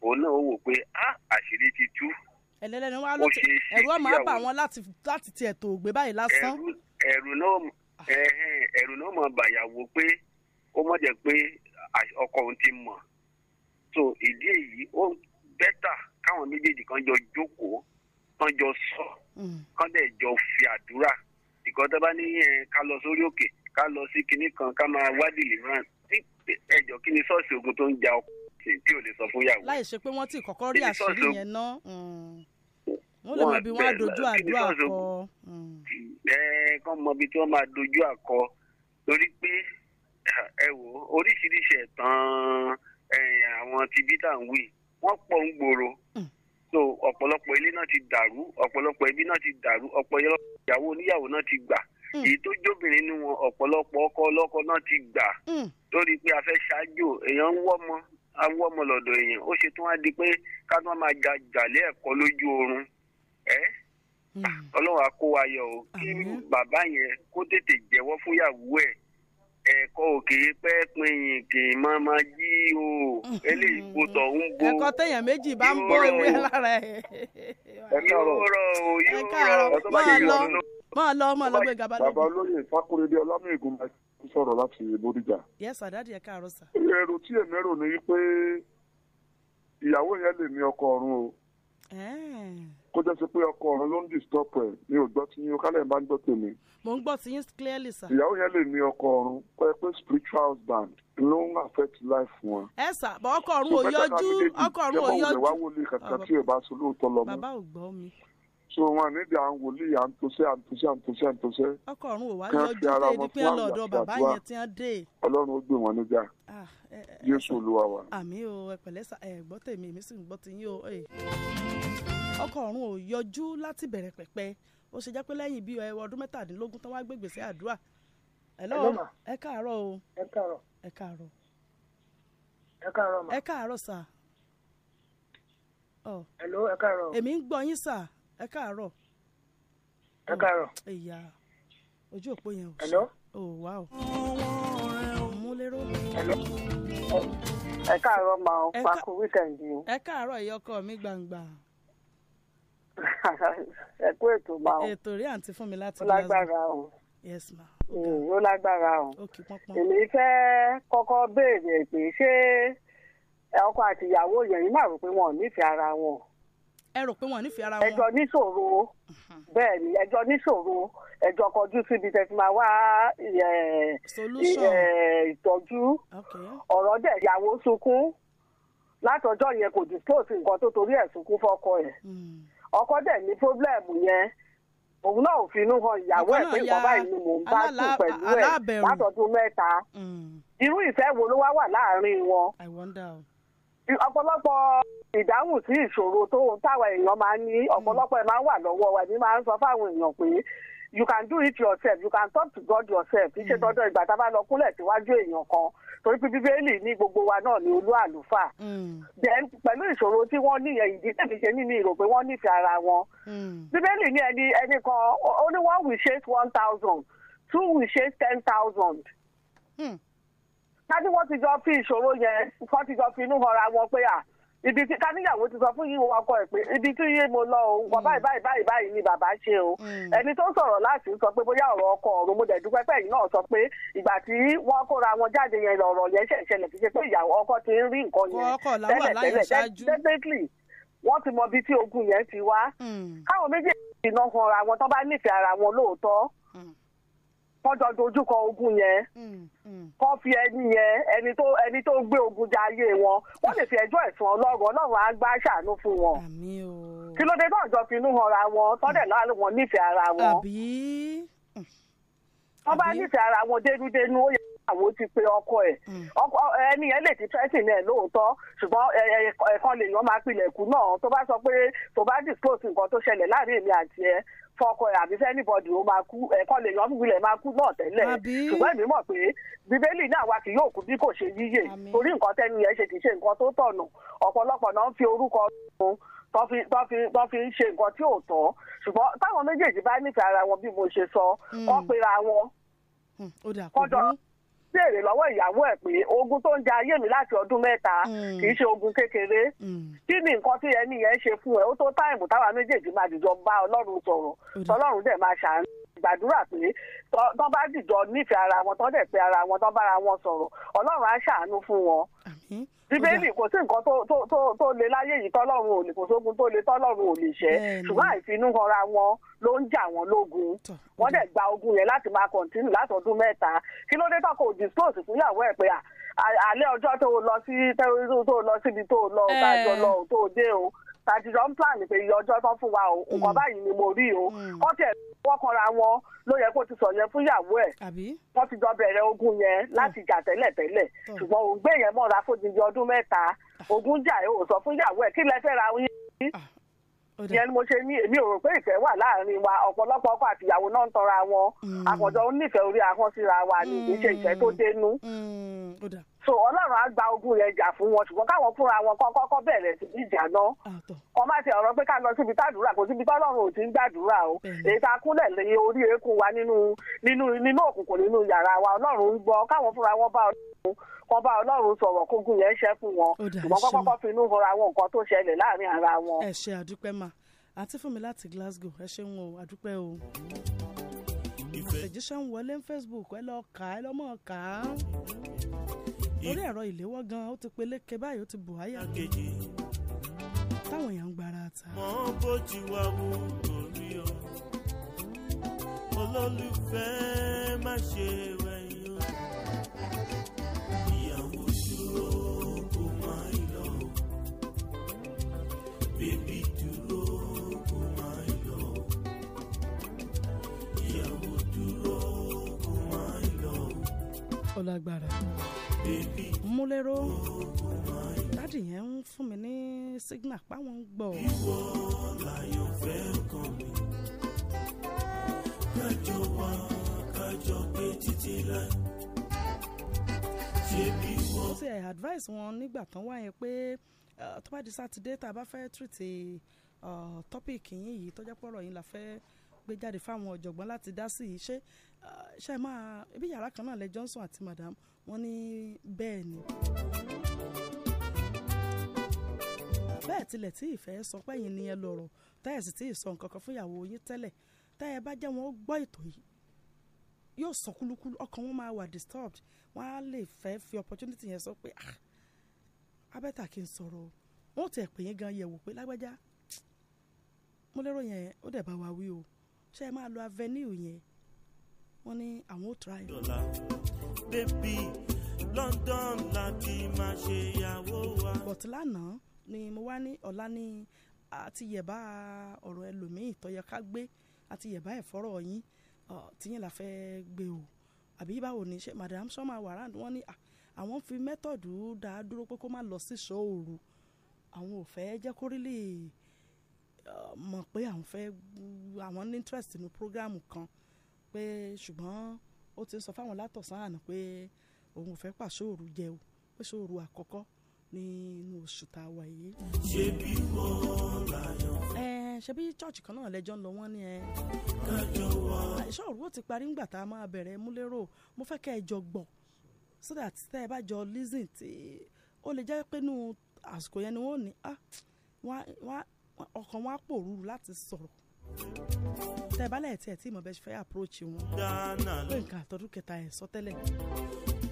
òun náà ó wò pé a àṣírí ti tú. ẹlẹ́lẹ́ni wá ló ti ẹ̀rù ọmọ àbà wọn láti láti tiẹ̀ tó gbé báyìí lásán. ẹ̀rù náà ẹ̀rù náà mọ̀ bàyàwó pé ó mọ̀ jẹ́ pé ọkọ òun ti mọ̀ so ìdí èyí ó bẹ́tà káwọn méjèèjì kan jọ jókòó kán jọ sọ mm. kán dẹ̀ jọ fi àdúrà ìkan tó bá ní ká lọ sórí òkè ká lọ sí kinní kan ká máa wá deliverance ẹjọ kí ni ṣọ́ọ̀ṣì ogun tó ń ja ọkùnrin tí ò lè sọ fún yàwó. láì ṣe pé wọ́n ti kọ́kọ́ rí àṣírí yẹn ná mm. wọ́n lè mọ bí wọ́n á dojú àdúrà kọ. Mm. ẹ kàn mọ bí tí wọ́n máa dojú àkọ torí pé ẹ wò oríṣiríṣi ẹ̀tàn àwọn tibítà ń wí wọ́n pọ̀ ń gbòòrò so ọ̀pọ̀lọpọ̀ ilé náà ti dàrú ọ̀pọ̀lọpọ̀ ẹbí náà ti dàrú ọ̀pọ̀lọpọ̀ ìyàwó oníyàwó náà ti gbà hmm. èyí tó jóbìnrin nínú wọn ọ̀pọ̀lọpọ̀ ọkọ ọlọ́kọ náà ti gbà hmm. lórí pé a fẹ́ ṣáájò èèyàn ń wọ́mọ awọ́mọ lọ́dọ̀ èèyàn ó ṣe tí wọ́n á di pé ká tó máa ja jàlẹ́ ẹ̀kọ́ lójú oorun ẹ́ hmm. ah, ọlọ́run á o kí bàbá yẹn kó tètè jẹ́wọ́ fúyàwó ẹ̀ ẹ̀kọ́ òkè pẹ́ pinyìn kì í mọ́ mọ́ jí o mm-hmm. eléyìí kò tọ̀ ń bo. ẹ̀kọ́ téèyàn méjì bá ń bọ́ ìwé lára ẹ̀. yóò rọ o yóò rọ o tó bá yẹ yọ nínú. máa lọ máa lọ gbé gaba lójú. bàbá olóyè Fákúrẹ́dé ọlámìgún máa ń láti Bódìjà. yẹ́sà dáàdì ẹ̀ káàárọ̀ sà. èrò tí èmi rò ní pé ìyàwó yẹn lè ní ọkọ ọ̀run o kó jẹ́ sí pé ọkọ ọ̀run ló ń disturb ẹ̀ mi ò gbọ́ tí yín kálẹ̀ bá ń gbọ́ tèmi. mo ń gbọ́ tí yín clearly sir. ìyàwó yẹn lè ní ọkọ ọ̀run pé pé spiritual husband ló ń affect life wọn. ẹ sà bọ ọkọ ọ̀run ò yọjú ọkọ ọ̀run ò yọjú. ìjọba wọlé kankan ah, tí ò bá so lóòótọ́ lọ mú. bàbá ò gbọ́ mi. so wọn níbi à ń wòlíì à ń tosẹ́ à ń tosẹ́ à ń tosẹ́ à ń tosẹ́. ọkọ ọ̀run ò wá yọjú dé ibi pé ọlọ́dọ̀ bàbá yẹn ti ń dé. ọlọ́run ó gbé wọn níjà. Ah, jésù olúwa wa. àmì o ẹ pẹ̀lẹ́ sà ẹ gbọ́ tèmi èmi sì ń gbọ́ tiyín o ọkọ̀ ọ̀run ò yọjú láti bẹ̀rẹ̀ pẹ̀pẹ̀ ó ṣe jẹ́ pé lẹ́yìn bíi ọdún mẹ́tàdínlógún tán wá gbègbè sí àdúrà ẹ̀lọ́ ẹ káàárọ̀ o ẹ káàárọ̀ ẹ káàárọ̀ ẹ káàárọ̀ ma ẹ káàárọ̀ sà ọ ẹ̀lọ́ ẹ káàárọ̀ èmi ń gbọ́ yín sà ẹ káàárọ̀ ẹ káàárọ̀ ìyá ojú òpó yẹn ò sí ẹ̀lọ́ ò o mú lérò ẹ̀lọ́ ẹ káàárọ̀ ma ọ pàkó wíkẹ̀ndì ẹ káàárọ̀ ìyọkọ mi gbangba. ẹ kú ètò ma o. ètò rí àǹtí fún mi láti lágbára o. yes ma. ó mm, lágbára o. èmi fẹ́ kọ́kọ́ béèrè pé ṣé ọkọ àti ìyàwó yẹn yìí máa rò pé wọn ò nífẹ̀ẹ́ ara wọn. ẹ rò pé wọn ò nífẹ̀ẹ́ ara wọn. ẹjọ́ níṣòro mhm. bẹ́ẹ̀ ni ẹjọ́ níṣòro ẹjọ́ kọjú síbi tẹ́ máa wá ìtọ́jú ọ̀rọ̀ dẹ̀ ìyàwó sunkún látọjọ́ yẹn kò disclose nǹkan tó torí ẹ̀ sunkún fọ́kọ ẹ̀. Mm. ọkọ dẹ̀ ní problem yẹn òun náà ò finú hàn ìyàwó ẹ̀ pé ìwọ báyìí ni mò ń bá sùn pẹ̀lú ẹ̀ látọ̀dún mẹ́ta mm. irú ìfẹ́ wo ló wá wà láàrin wọn. I ọ̀pọ̀lọpọ̀ ìdáhùn sí ìṣòro tó táwa èèyàn máa ń ní mm. ọ̀pọ̀lọpọ̀ ẹ máa ń wà lọ́wọ́ wa èmi máa ń sọ fáwọn èèyàn pé you can do it yourself you can talk to God yourself kì í ṣe mm. dandan ìgbà tá a bá lọ kúnlẹ̀ síwájú èèyàn kan torí pé bíbélì ní gbogbo wa náà ni olú àlùfáà hmm. then pẹ̀lú ìṣòro tí wọ́n ní ìdí tẹ̀mí ṣe nínú ìrò pé wọ́n nífẹ̀ẹ́ ara wọn hmm. bíbélì ní ẹni ẹni kan ó ní one will chase one thousand two will chase ten thousand hmm. ká ní wọ́n ti jọ fi ìṣòro yẹn wọ́n ti jọ fi inú họra wọn pé à ibi tí káníyàwó ti sọ fún yíwọ ọkọ ẹ pé ibi tí yé mo lọ o wọ báyìí báyìí báyìí báyìí ni bàbá ṣe o mm. ẹni tó sọ̀rọ̀ láti sọ pé bóyá ọ̀rọ̀ ọkọ ọ̀run mo dẹ̀ dúpẹ́ pẹ̀yìn náà sọ pé ìgbà tí wọ́n kóra wọn jáde yẹn lọ̀rọ̀ yẹn ṣẹ̀ṣẹ̀lẹ̀ kì ṣe pé ìyàwó ọkọ ti ń rí nǹkan yẹn tẹ́lẹ̀ tẹ́lẹ̀ wọ́n ti mọ ibi tí ogun yẹn ti wá mm. káwọn méjèèjì náà hanra wọn tó bá nífẹ̀ẹ́ ara wọn lóòótọ́ mm kọjọ dojúkọ ogun yẹn mm, mm. kọ fi ẹni yẹn ẹni tó ẹni tó gbé ogun ja wọn wọn lè fi ẹjọ́ ẹ̀sùn Ọlọ́run Ọlọ́run á gbà ṣàánú fún wọn kí ló dé náà jọ finú hanra wọn tọ́dẹ̀ náà wọn nífẹ̀ẹ́ ara wọn wọ́n bá nífẹ̀ẹ́ ara wọn dénúdénú ó yẹ àwọn ti pe ọkọ ẹ̀ mm. ẹni yẹn lè ti tẹ́sìn ẹ̀ lóòótọ́ ṣùgbọ́n ẹ̀ẹ̀kan lèèyàn máa pilẹ̀kùn náà tó bá sọ pé tó bá disclose nǹkan tó ṣẹlẹ̀ láàrin èmi àti ẹ fọkọ ẹ̀ àbí fẹ́nìbọ̀dì ó máa kú ẹ̀kọ́ lè yan wílẹ̀ máa kú náà tẹ́lẹ̀ ṣùgbọ́n èmi mọ̀ pé bíbélì náà wa kì yóò kú bí kò ṣe yíyè torí nǹkan tẹ́nu yẹn ṣe kì í ṣe nǹkan tó tọ̀nà ọ̀pọ̀lọpọ̀ náà ń fi orúkọ ọ̀run tó fi ń ṣe nǹkan tí ò tọ́ ṣùgbọ́n táwọn méjèèjì bá nífẹ̀ẹ́ ara wọn bí mo ṣe sọ kọ́ hmm. pera wọn. Hmm, ó dà kó burú béèrè lọ́wọ́ ìyàwó ẹ̀ pé ogun tó ń jẹ ayé mi láti ọdún mẹ́ta mm. kì í ṣe ogun kékeré mm. kí ni nǹkan tí ẹni yẹn ṣe fún ẹ ó tó táìmù táwa méjèèjì máa dìjọ bá ọlọ́run sọ̀rọ̀ tọ́lọ́run dẹ̀ máa ṣàánú gbàdúrà pé tọ́ bá dìjọ nífẹ̀ẹ́ ara wọn tọ́ dẹ̀ pé ara wọn tọ́ bára wọn sọ̀rọ̀ ọlọ́run á ṣàánú fún wọn Hmm? bíbélì kò sí nǹkan tó le láyé yìí tọ́lọ́run ò lè kò sógun tó le tọ́lọ́run ò lè ṣẹ́ ṣùgbọ́n àìfinú kanra wọn ló ń jà wọn lógun wọ́n dẹ̀ gba ogun yẹn láti máa kọ̀ntínú látọdún mẹ́ta kí ló dé tọkọ òdìsíkòsì fúnyàwó ẹ̀ pé à alẹ́ ọjọ́ tó lọ sí tẹ́rọ̀rìsì tó lọ síbi tó lọ tájọ lọ tó dé o tàjíjọ ń plan pé iye ọjọ́ tán fún wa o nǹkan hmm. báyìí ni mo rí o kọ́ hmm. tiẹ̀ wọ́n kanra wọn ló yẹ kó ti sọ yẹn fún ìyàwó ẹ̀ wọ́n ti jọ bẹ̀rẹ̀ ogun yẹn hmm. láti jà tẹ́lẹ̀tẹ́lẹ̀ ṣùgbọ́n òun gbé yẹn mọ́ra fódìdí ọdún mẹ́ta ah. ogun jà ẹ̀ ò sọ fún ìyàwó ẹ̀ kí lẹ fẹ́ ra yín ah yẹn ni mo ṣe mi ò rò pé ìfẹ́ wà láàrin wa ọ̀pọ̀lọpọ̀ ọkọ àtìyàwó náà ń tọra wọn mm. àkànjọ onífẹ̀ẹ́ orí ahọ́n síra wa ni kì í ṣe ìfẹ́ tó mm. dénú mm. so ọlọ́run á gba ogun yẹn jà fún wọn ṣùgbọ́n káwọn fúnra wọn kọ́ kọ́kọ́ bẹ̀rẹ̀ sí ìjà náà wọn má ti ọ̀rọ̀ pé ká lọ síbi tàdúrà kò síbi tọ́lọ́run ò ti ń gbàdúrà o èyí tá a kúnlẹ̀ lè orí eékún wa nínú nínú nínú òkùnkùn nínú yàrá wa ọlọ́run ń gbọ́ kọ́ bá ọlọ́run sọ̀rọ̀ kógun yẹn ṣẹ́ fún wọn ṣùgbọ́n kọ́kọ́ fi inú hora nǹkan tó ṣẹlẹ̀ láàrin ara wọn. ẹ ṣe àdúpẹ́ mà àǹtí fún mi láti Glasgow ẹ ṣeun o àdúpẹ́ o. àtẹ̀jíṣẹ́ ń wọlé ní Facebook ẹ lọ́ọ́ kà ẹ lọ́mọ́ kà á orí ẹ̀rọ ìléwọ́ gan ó ti peléke báyìí ó ti bù áyà táwọn èèyàn ń gbára ta. mọ bó ti wá wú orí ọ olólùfẹ́ má ṣe o. ó lágbára múlẹ́rọ dádì yẹn ń fún mi ní signal páwọn ń gbọ́. ìwọ láyò fẹ́ kàn mí kájọ wá kájọ pé títí láì ṣe bí wọ́n. ṣe advice wọn nígbà tán wá pé tó bá di sátidé tá a bá fẹ́ tìrìtì tọ́pìkì yín yìí tó jẹ́ pọ̀rọ̀ yín la fẹ́ gbé jáde fáwọn ọ̀jọ̀gbọ́n láti dá sí i ṣe máa ibi yàrá kan náà lẹ Johnson àti madam wọ́n ní bẹ́ẹ̀ ni bẹ́ẹ̀ tilẹ̀ tí ìfẹ́ sọ pé yìí ni ẹ lọ̀rọ̀ táyà sì tí ì sọ nǹkan kan fún ìyàwó yín tẹ́lẹ̀ táyà bá jẹ́ wọn gbọ́ ètò yìí yóò sọ kúlúkúlú ọkàn wọn máa wà disturbed wọn á lè fẹ́ fi opportunity yẹn sọ pé ah abẹ́tà kì í sọ̀rọ̀ o wọn ò tẹ̀ pè yín gan yẹ̀wò pé lágbájá mo lérò yẹn ó dẹ̀ bá wa wí o ṣé ẹ máa lo avenue yẹn wọ́n ní àwọn ò try. bébì London la ti máa ṣe ìyàwó wa. but lánàá ni mo wá ní ọ̀la ní àti yẹ̀bá ọ̀rọ̀ ẹlòmíì tó ká gbé àti yẹ̀bá ẹ̀fọ́rọ̀ yín tíyẹn la fẹ́ gbé o àbí báwo ni ṣe madam sọ́mà wàrà wọ́n ní àwọn fi mẹ́tọ̀dù dá dúró pé kó má lọ sí ṣòòrù àwọn ò fẹ́ jẹ́ kó mọ̀ pé àwọn fẹ́ àwọn ní interest nínú programu kan. No pé ṣùgbọ́n ó ti sọ fáwọn látọ̀sán àná pé òun ò fẹ́ pàṣóòrù jẹ o pé ṣóòrù àkọ́kọ́ nínú oṣù tá a wà yìí. ṣé bí wọ́n láyọ̀. ẹ ṣe bí church kan náà lẹ́jọ́ ń lọ wọ́n ní ẹ. kájọ wá. ṣọ́ọ̀rù ó ti parí ńgbà tá a máa bẹ̀rẹ̀ múlérò mo fẹ́ kẹ́ ẹ jọ gbọ́ so that tẹ́ ẹ bá jọ listen tí ó lè jẹ́ pé nù àsìkò yẹn ni wọ́n ní ah, ọkàn wọn á pòrúurú láti sọ̀rọ̀ tẹ balẹ̀ tí ẹ tí mo bẹ fẹ́ approach wọn pé nǹkan àtọ́dún kẹta ẹ̀ sọ tẹ́lẹ̀.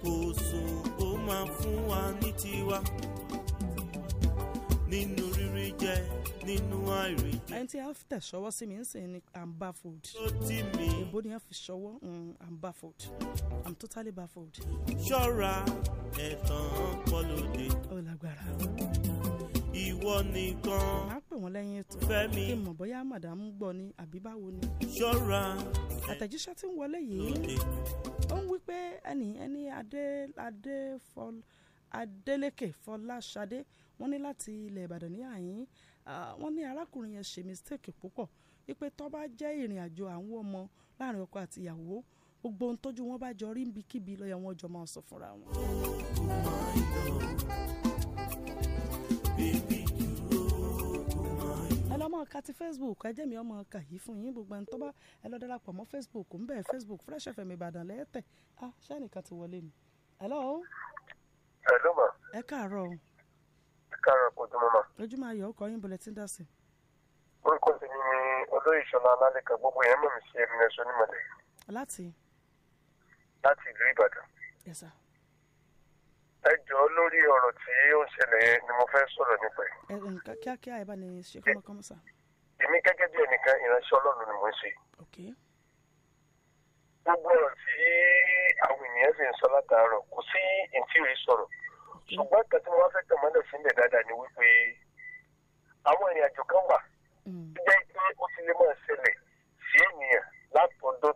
kòsò ó máa fún wa ní tiwa nínú rírí jẹ nínú àìríjẹ. ẹni tí a fi tẹ̀sọ́wọ́ sí mi ń sìn ni i'm baffled. ó ti mi. èbó ni a fi ṣọwọ́ mm, i'm baffled i'm totally baffled. ṣọ́ra ẹ̀tàn pọ́lọ́dé. ó lágbára ìwọ nìkan. a pè wọ́n lẹ́yìn ètò kí n mọ̀ bóyá madam gbọ́ ni àbí báwo ni. ṣọ́ra. àtẹ̀jíṣẹ́ tí ń wọlé yìí ó ń wí pé ẹnì ẹni adeleke fọláṣadé wọ́n ní láti ilẹ̀ ìbàdàn ní àyín wọ́n ní arákùnrin yẹn ṣe mistake púpọ̀ wípé tó bá jẹ́ ìrìn àjò àwọn ọmọ láàrin ọkọ àti ìyàwó gbogbo ohun tójú wọn bá jọ rí níbikíbi lọ́yọ̀ wọn jọ máa sọ fúnra wọn. Oh máa ka ti facebook ẹjẹ́ mi ọmọ kà yìí fún yín gbogbo ẹni tó bá ẹ lọ darapọ̀ mọ́ facebook ń bẹ̀ facebook fresh fm ìbàdàn lẹ́ẹ̀tẹ̀ ah ṣẹ́nìkan ti wọlé ni. hello. hello ma. ẹ káàárọ̀. ẹ káàárọ̀ kò tó mọ́ ma. ojúmọ́ ayọ̀ ọkọ̀ yín bọ̀lẹ̀ tí ń dà sí. orúkọ ti ní ní olóyè ìṣọ̀nà alálẹ́ka gbogbo yẹn mọ̀ mí sí ẹnu ẹ̀ṣọ́ nímọ̀lẹ́. láti. láti ìlú ìbàdàn. yes sir ẹ jọ lórí ọ̀rọ̀ tí ó ń ṣẹlẹ̀ ni mo fẹ́ sọ̀rọ̀ nípa ẹ̀. ẹ ẹ kíákíá ẹ bá ní ṣe kọ́mọ kọ́mọ sá. èmi gẹ́gẹ́ bí ẹnìkan ìránṣẹ́ ọlọ́run ni mo ń ṣe. gbogbo ọ̀rọ̀ tí àwọn ènìyàn sì ń sọ látàárọ̀ kò sí ìtìrì sọ̀rọ̀ ṣùgbọ́n kan tí wọ́n fẹ́ tẹ̀ mọ́lẹ̀ sílẹ̀ dáadáa ni wípé àwọn ìrìn àjò kan wà mm. jẹ́ pé ó ti lè máa ṣẹlẹ̀ sí ènìyàn látọ̀dọ̀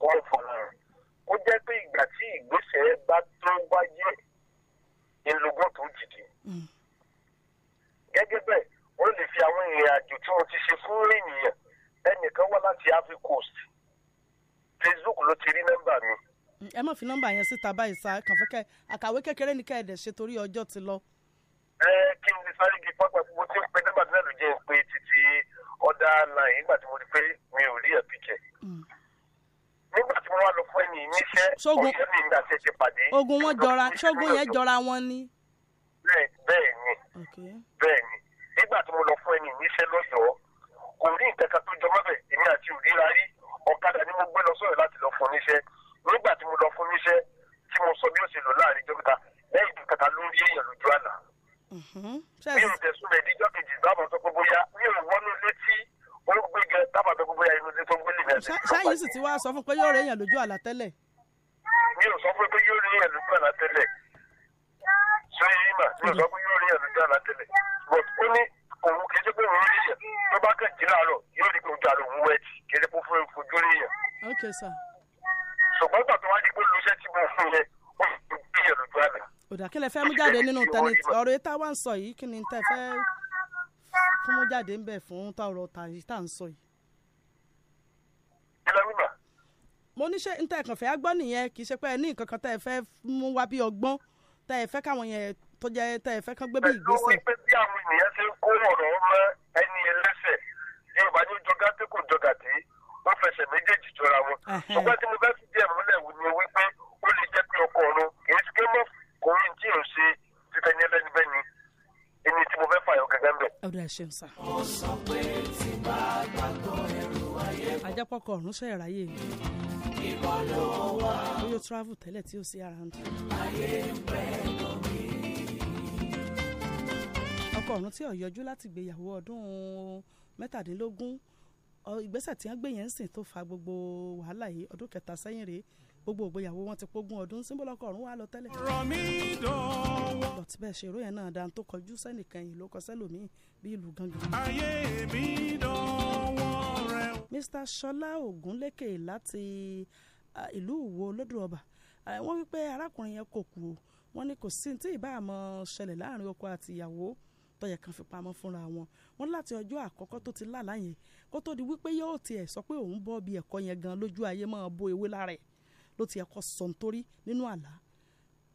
kọ́ ọ̀fọ̀lọ́run ó jẹ́ pé ìgbà tí ìgbésẹ̀ bá tó wáyé ìlúgbò tó jìdí. gẹ́gẹ́ bẹ́ẹ̀ ó lè fi àwọn ìrìn àjò tí mo ti ṣe fún ènìyàn ẹnìkan wá láti Ivory Coast Facebook ló ti rí nọ́mbà mi. Mm, ẹ má fi nọ́mbà yẹn síta báyìí sá kànfẹ́kẹ́ àkàwé kékeré ní kẹ́ẹ̀dẹ̀ ṣe torí ọjọ́ ti lọ. ẹ kí n lè sáré igi pápá gbogbo tí ń pe nọ́mbà náà ló jẹ́ ń pe títí ọ̀dà náà nígbà tí mo rí pé mi ò rí ẹ̀ nígbà tí mo wá lọ fún ẹni níṣẹ́ ọ̀ṣẹ́ mi nígbà tí ẹ ti pàdé. ogun wọn jọra ṣógun yẹn jọra wọn ni. bẹ́ẹ̀ ni bẹ́ẹ̀ ni nígbà tí mo lọ fún ẹni níṣẹ́ lọ́yọ̀ọ́ kò rí nǹkan kan tó jọmọ́ bẹ̀ èmi àti òríra rí ọ̀kadà ni mo gbé lọ sọ̀rọ̀ láti lọ fún níṣẹ́ nígbà tí mo lọ fún níṣẹ́ tí mo sọ bí ó ṣe lò láàrin ìjọba ta lẹ́yìn tó kàtà ló ń rí èèyàn lójú àná. Mhm. mi ò tẹ̀sùn rẹ̀ díjọ́ kejì báwọn sọ pé bóyá mi ò wọnú létí ó gbége tábà tó gbogbo yàrá ìlú tó gbélé rẹ. ṣáàyè sì ti wá sọ fún pé yóò rẹ èèyàn lójú àlá tẹ́lẹ̀. mi ò sọ fún pé yóò rí èèyàn lójú àlá tẹ́lẹ̀ sọyìn mà mi ò sọ fún yóò rí èèyàn lójú àlá tẹ́lẹ̀ but ó ní òun kì í ṣe pé òun rí èèyàn tó bá kàn jí láàárọ̀ yóò rí pé ojú àlọ́ òun wẹ̀ kì í ṣe pé fún rí èèyàn. okay sir. ṣùgbọ́n gbàtọ́ wá di pé olùṣẹ́ tí mo fún yẹn ó fi ojú èèyàn lójú àlá. òdàkẹ́lẹ̀ fẹ́ mú jáde nínú ọ̀rọ̀ yìí tá a wá ń sọ yìí kí ni tẹ́ fún mú jáde ń bẹ̀ fún táwọn ọ̀tàyí tá à ń sọ yìí. kí ló ń bà. mo ní ṣe níta ẹ̀kànfẹ́ agbọ́n nìyẹn kì í ṣe pé ẹ ní nǹkan kan tẹ́ ẹ fẹ́ mú wá bí ọgbọ́n tẹ́ ẹ fẹ́ káwọn yẹn tó jẹ́ tẹ́ ẹ fẹ́ kán gbé bí ìgbésẹ̀. ẹ ló wí pé bí àwọn ènìyàn ṣe ń kó ọ̀rọ̀ mọ́ ẹni ẹlẹ́sẹ̀ yorùbá ní jọgá tí kò jọgà tí wọ́n fẹsẹ̀ méjèèjì jọra wọn ṣùgbọ́n tí mo fẹ́ ẹ ṣeun sá. ó sọ pé tí bá gbàgbọ́ ẹrù ayé. ajápọ̀kọ̀ ọ̀run ṣe ìráyè mi. ìbọn ló wà. ó yóò travel tẹ́lẹ̀ tí ó sí around. ayé ń pẹ́ lórí. ọkọ ọ̀run tí ò yọjú láti gbéyàwó ọdún mẹ́tàdínlógún ìgbésẹ̀ tí wọ́n gbé yẹn ń sìn tó fa gbogbo wàhálà yìí ọdún kẹta sẹ́yìn rèé gbogbo ògbéyàwó wọn ti pógún ọdún símbólọ́kọ̀ ọ̀run wà lọ tẹ́lẹ̀. ọ̀rọ̀ bẹ́ẹ̀ ṣe ìròyìn náà dáa tó kọjú sẹ́nìkan yìí ló kọ sẹ́lòmíì bí ìlú gangan. ayé mi dọ̀wọ́ rẹ. Mr. Ṣọlá Ògúnlékè láti ìlú Ìwó lódò ọba wọ́n wí pé arákùnrin yẹn kò kú wọ́n ní kò sí tí ìbá àmọ́ ṣẹlẹ̀ láàrin ọkọ àti ìyàwó tọyẹ kan fi pamọ́ fúnra wọn wọn láti ọjọ́ àkọ́kọ́ tó ti lálàá yẹn kó tó di wípé yóò tiẹ̀ sọ pé òun bọ́ bí ẹ̀kọ́ yẹn gan lójú ayé máa bo ewé lára ẹ̀ ló ti ẹ̀kọ́ sọ nítorí nínú àlá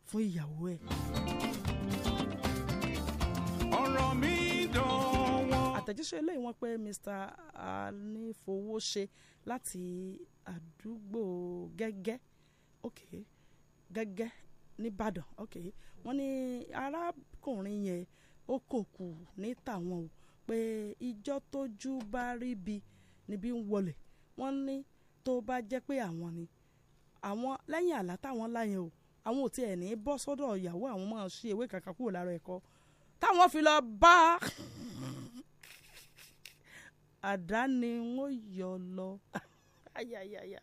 fún ìyàwó ẹ̀. ọ̀rọ̀ mi dánwọ́. àtẹ̀jíṣẹ́ eléyìí wọ́n pé Mr. Anífowóṣe láti àdúgbò gẹ́gẹ́ okay. gẹ́gẹ́ nìbàdàn ok wọ́n ní arákùnrin yẹn ó kò kù ní tàwọn o pé ìjọ́ tójú bá rí bi níbi ń wọlé wọ́n ní tó bá jẹ́ pé àwọn ni àwọn lẹ́yìn àlá táwọn láyẹn o àwọn ò tiẹ̀ ní bọ́ sọ́dọ̀ ìyàwó àwọn máa ṣe ewé kankan kúrò lára ẹ̀kọ́ táwọn fi lọ bá àdá ni yọ lọ ayayaya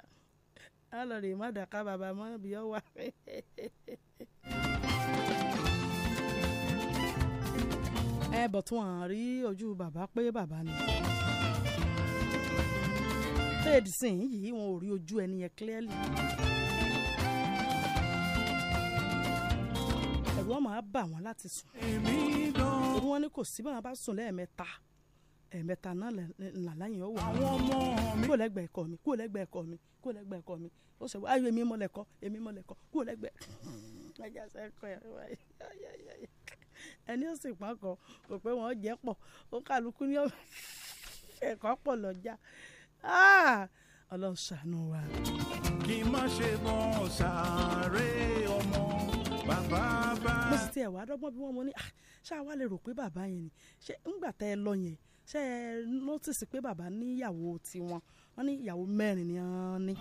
alọ̀rẹ̀ má dàka bàbá mọ́ bí ọ wà. ẹ bọ̀ tí wọ́n ojú bàbá pé bàbá ni fade sìn yìí wọn ò rí ojú ẹni yẹn clearly. ẹ̀rù ọmọ á bà wọ́n láti sùn. òun wọn ni kò sí báwọn bá sùn lẹ́ẹ̀mẹ́ta ẹ̀ẹ̀mẹ́ta náà làlá yẹn ó àwọn ọmọ mi kúrò lẹ́gbẹ̀ẹ́ ẹ̀kọ́ mi kúrò lẹ́gbẹ̀ẹ́ ẹ̀kọ́ mi kúrò lẹ́gbẹ̀ẹ́ ẹ̀kọ́ mi ó sọ ayọ̀ èmi mọ̀ lẹ́kọ́ èmi mọ̀ lẹ́kọ́ kúrò lẹ́gbẹ̀ẹ́ ẹni ó sì pọ́n kọ kò pé wọ́n jẹ́ pọ̀ ó kálukú ní ẹ̀kọ́ pọ̀ lọ́jà Ah, ọlọ́run ṣàánú wa. kí n má ṣe mọ sàárè ọmọ bàbá bá. mo sì ti ẹ̀wà dọ́gbọ́n bí wọ́n mo ní ah, ṣáà wá lè rò pé bàbá yẹn ni ṣé ńgbà tẹ́ ẹ lọ yẹn ṣé ẹ nọ́tìsì pé bàbá níyàwó tiwọn wọ́n ní ìyàwó mẹ́rin ni wọ́n ní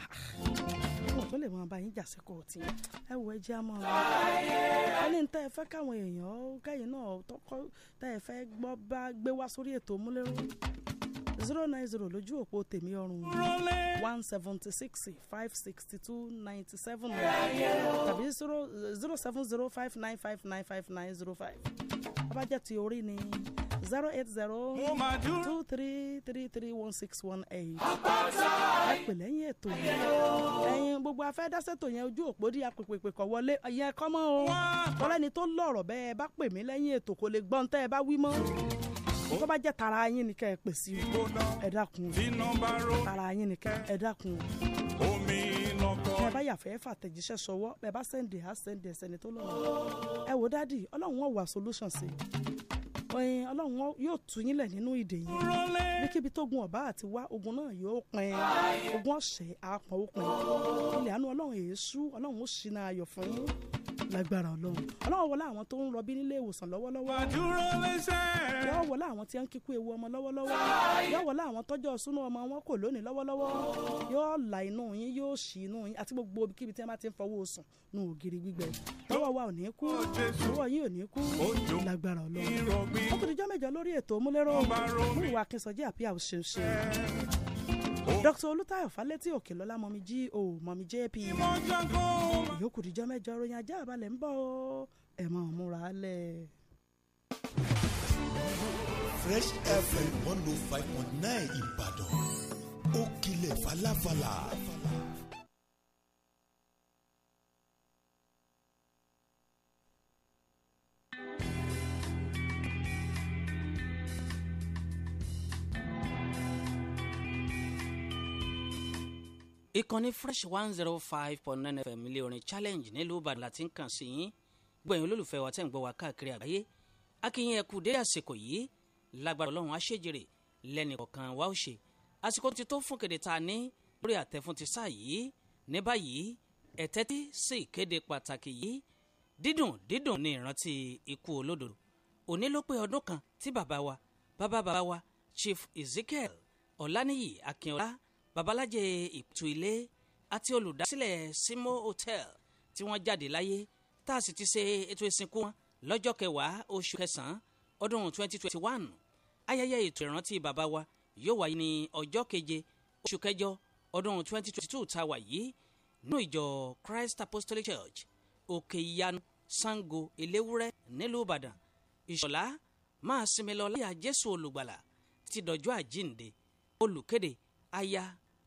ah, wọn tó lè máa bá yín jà sẹ́kọ̀ọ́ tí ẹ wọ ẹjẹ́ àmọ́ ẹni tẹ́ ẹ fẹ́ káwọn èèyàn kẹ́yìn náà tọ́kọ́ tẹ́ ẹ fẹ́ gbọ́ bá gbé wá sórí ètò múlẹ́rú zero nine zero lójú òpó tèmi ọrùn one seventy six five sixty two ninety seven tàbí zero zero seven zero five nine five nine five nine zero five abájá ti orí ni zero eight zero two three three three one six one eight. ẹ pè lẹ́yìn ètò ẹ̀yin gbogbo afẹ́dásẹ́tò yẹn ojú òpó di apèpèpè kọ̀ wọlé yẹn kọ́ mọ́ o ọlẹ́ni tó lọ̀rọ̀ bẹ́ẹ̀ bá pè mí lẹ́yìn ètò kò lè gbọ́n tẹ́ ẹ bá wí mọ́ àfi tó bá jẹ́ tara yín ni ẹ pè sí o ẹ dákun tara yín ni ẹ dákun omi lọkọ. ẹ bá yàfẹ́ fàtẹ̀jíṣẹ́ sọwọ́ ẹ bá sẹ́ndì á sẹ́ndì ẹsẹ̀ni tó lọ́wọ́. ẹ wò dádì ọlọ́run wọn wà solution sí i ọlọ́run yóò tú yín lẹ̀ nínú ìdè yín níkíbi tógun ọ̀bá àti wá ogun náà yóò pin ogun ọ̀sẹ̀ àpọ̀ òpin ilẹ̀ àánú ọlọ́run èésú ọlọ́run ó ṣínà ayọ̀ fún yín lágbára ọlọ́run ọlọ́run wọlé àwọn tó ń rọbí nílé ìwòsàn lọ́wọ́lọ́wọ́ yọ wọlé àwọn tí ń kíkú ewu ọmọ lọ́wọ́lọ́wọ́ yọ wọlé àwọn tọ́jọ́ súnú ọmọ wọn kò lónìí lọ́wọ́lọ́wọ́ yóò là inú yín yóò ṣì inú yín àti gbogbo ibikíbi tí wọ́n bá ti ń fọwọ́ sùn nu ògiri gbígbẹ tọwọ́ wa ò ní kú tọwọ́ yín ò ní kú lágbára ọlọ́run ó kùdìjọ́ mẹ́jọ lórí ètò múlẹ́rọ̀ mú ìwà akínsọjí àbí àwòṣeṣe. Dr Olútáyọ̀ Fálétí Òkèlọ́lá mọ̀mí jí o mọ̀mí jp ìyókù díjọ́ mẹ́jọ ròyìn ajá àbálẹ̀ ń bọ̀ ọ́ ẹ̀ mọ̀ múra lẹ̀. Fresh FM one oh five point nine Ìbàdàn ó kilẹ̀ falafala. falafala ìkànnì fresh one zero oh five point nine fm ilé orin challenge nílùú ìbàdàn láti ń kàn sí yín gbẹ̀yìn olólùfẹ́ wa tẹ̀ ń gbọ́ wa káàkiri àgbáyé akínyìn ẹ̀kú dé àsìkò yìí lágbára ọlọ́run aṣèjèrè lẹ́nì kọ̀ọ̀kan wa ó ṣe àsìkò ti tó fún kéde ta ní lórí àtẹ fún ti sáà yìí ní báyìí ẹ tẹ́tí sí ìkéde pàtàkì yìí dídùn dídùn ní ìrántí ikú olódodo òní ló pé ọdún kan tí bàbá wa bàbá bàbá wa Chief Ezekiel Ọláníyì Akínọlá babaláje ìtù ilé àti olùdásílẹ̀ simo hotel tí wọ́n jáde láyé tá a sì ti ṣe ètò ìsìnkú wọn lọ́jọ́ kẹwàá oṣù kẹsàn-án ọdún 2021 ayẹyẹ ètò ìrántí bàbá wa yóò wáyé ní ọjọ́ keje oṣù kẹjọ ọdún 2022 tá a wà yìí nínú ìjọ Christ Apostolic Church òkè ìyanu Sango eléwúrẹ́ nílùú Ìbàdàn ìṣọ̀lá máa sinmi lọ láyà Jésù olùgbàlà títí dọjọ́ àjíǹde olùkéde aya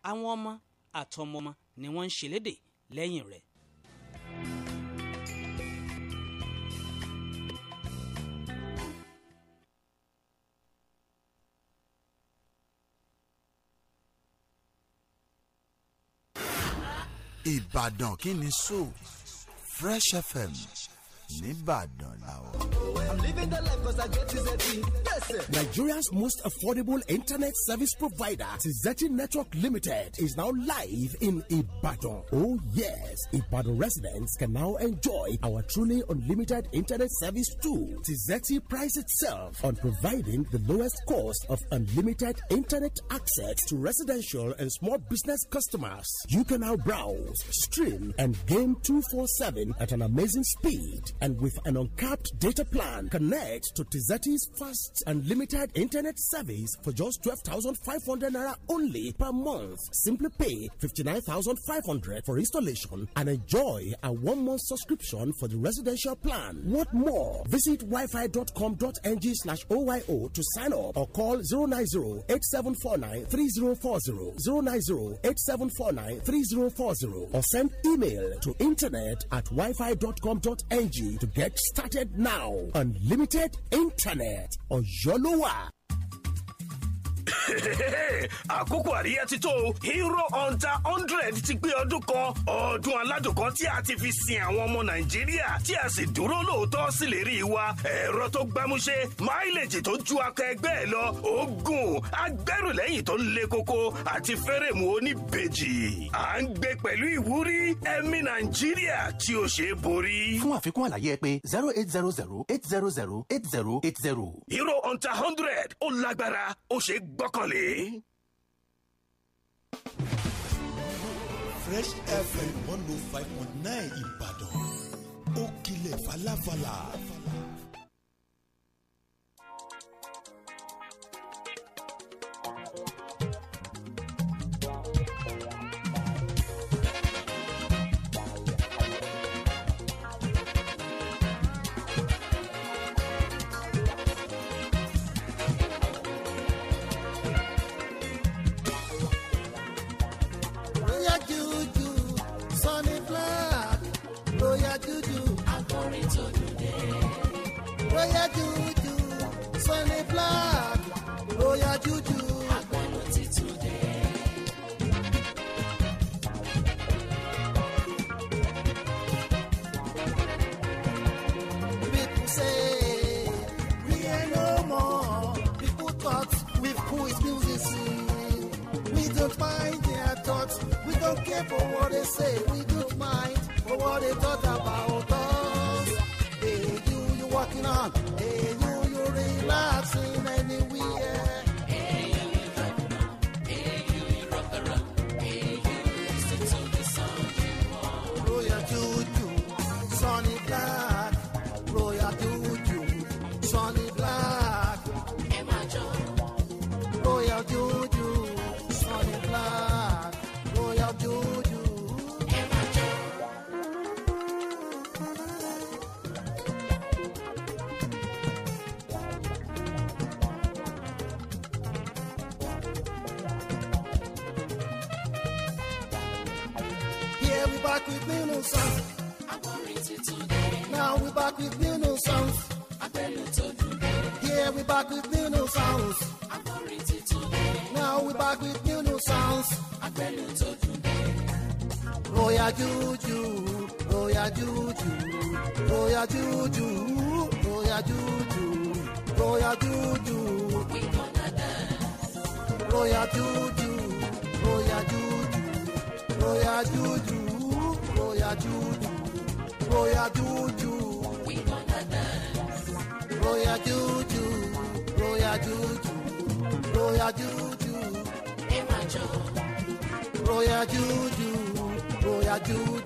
àwọn ọmọ àtọmọmọ ni wọ́n ń ṣèlédè lẹ́yìn rẹ̀. Ìbàdàn kí ni sọ Fresh FM nìbàdàn Nigeria's most affordable internet service provider, Tizeti Network Limited, is now live in Ibadan. Oh, yes. Ibadan residents can now enjoy our truly unlimited internet service too. Tizeti prides itself on providing the lowest cost of unlimited internet access to residential and small business customers. You can now browse, stream, and game 247 at an amazing speed and with an uncapped data plan, connect to Tizeti's fast and limited internet service for just 12,500 naira only per month. Simply pay 59,500 for installation and enjoy a one month subscription for the residential plan. What more? Visit wifi.com.ng slash OYO to sign up or call 090 8749 3040 090 8749 3040 or send email to internet at wifi.com.ng to get started now. Unlimited internet. on Yolowa. àkókò àríyá ti tó hero honda hundred ti gbé ọdún kan ọdún aládùn kan tí a ti fi sin àwọn ọmọ nàìjíríà tí a sì dúró lóòótọ́ sí lè rí i wa ẹ̀rọ tó gbámúṣé máìlèjì tó ju akọ ẹgbẹ́ ẹ lọ oògùn agbẹ́rùlẹ́yìn tó ń le koko àti fẹ́rẹ̀mù oníbejì à ń gbé pẹ̀lú ìwúrí ẹ̀mí nàìjíríà tí ó ṣe é borí. fún àfikún àlàyé ẹ pé zero eight zero zero eight zero zero eight zero eight zero. hero honda hundred ó lágbára ó ṣe é gbọ́kànlé. Fresh FM one oh five point nine Ìbàdàn ó kilẹ̀ falafala. jújú jújú. people say we ain't no more people music we don't mind their thoughts we don't care for what they say we don't mind for what they thought about. Hey. do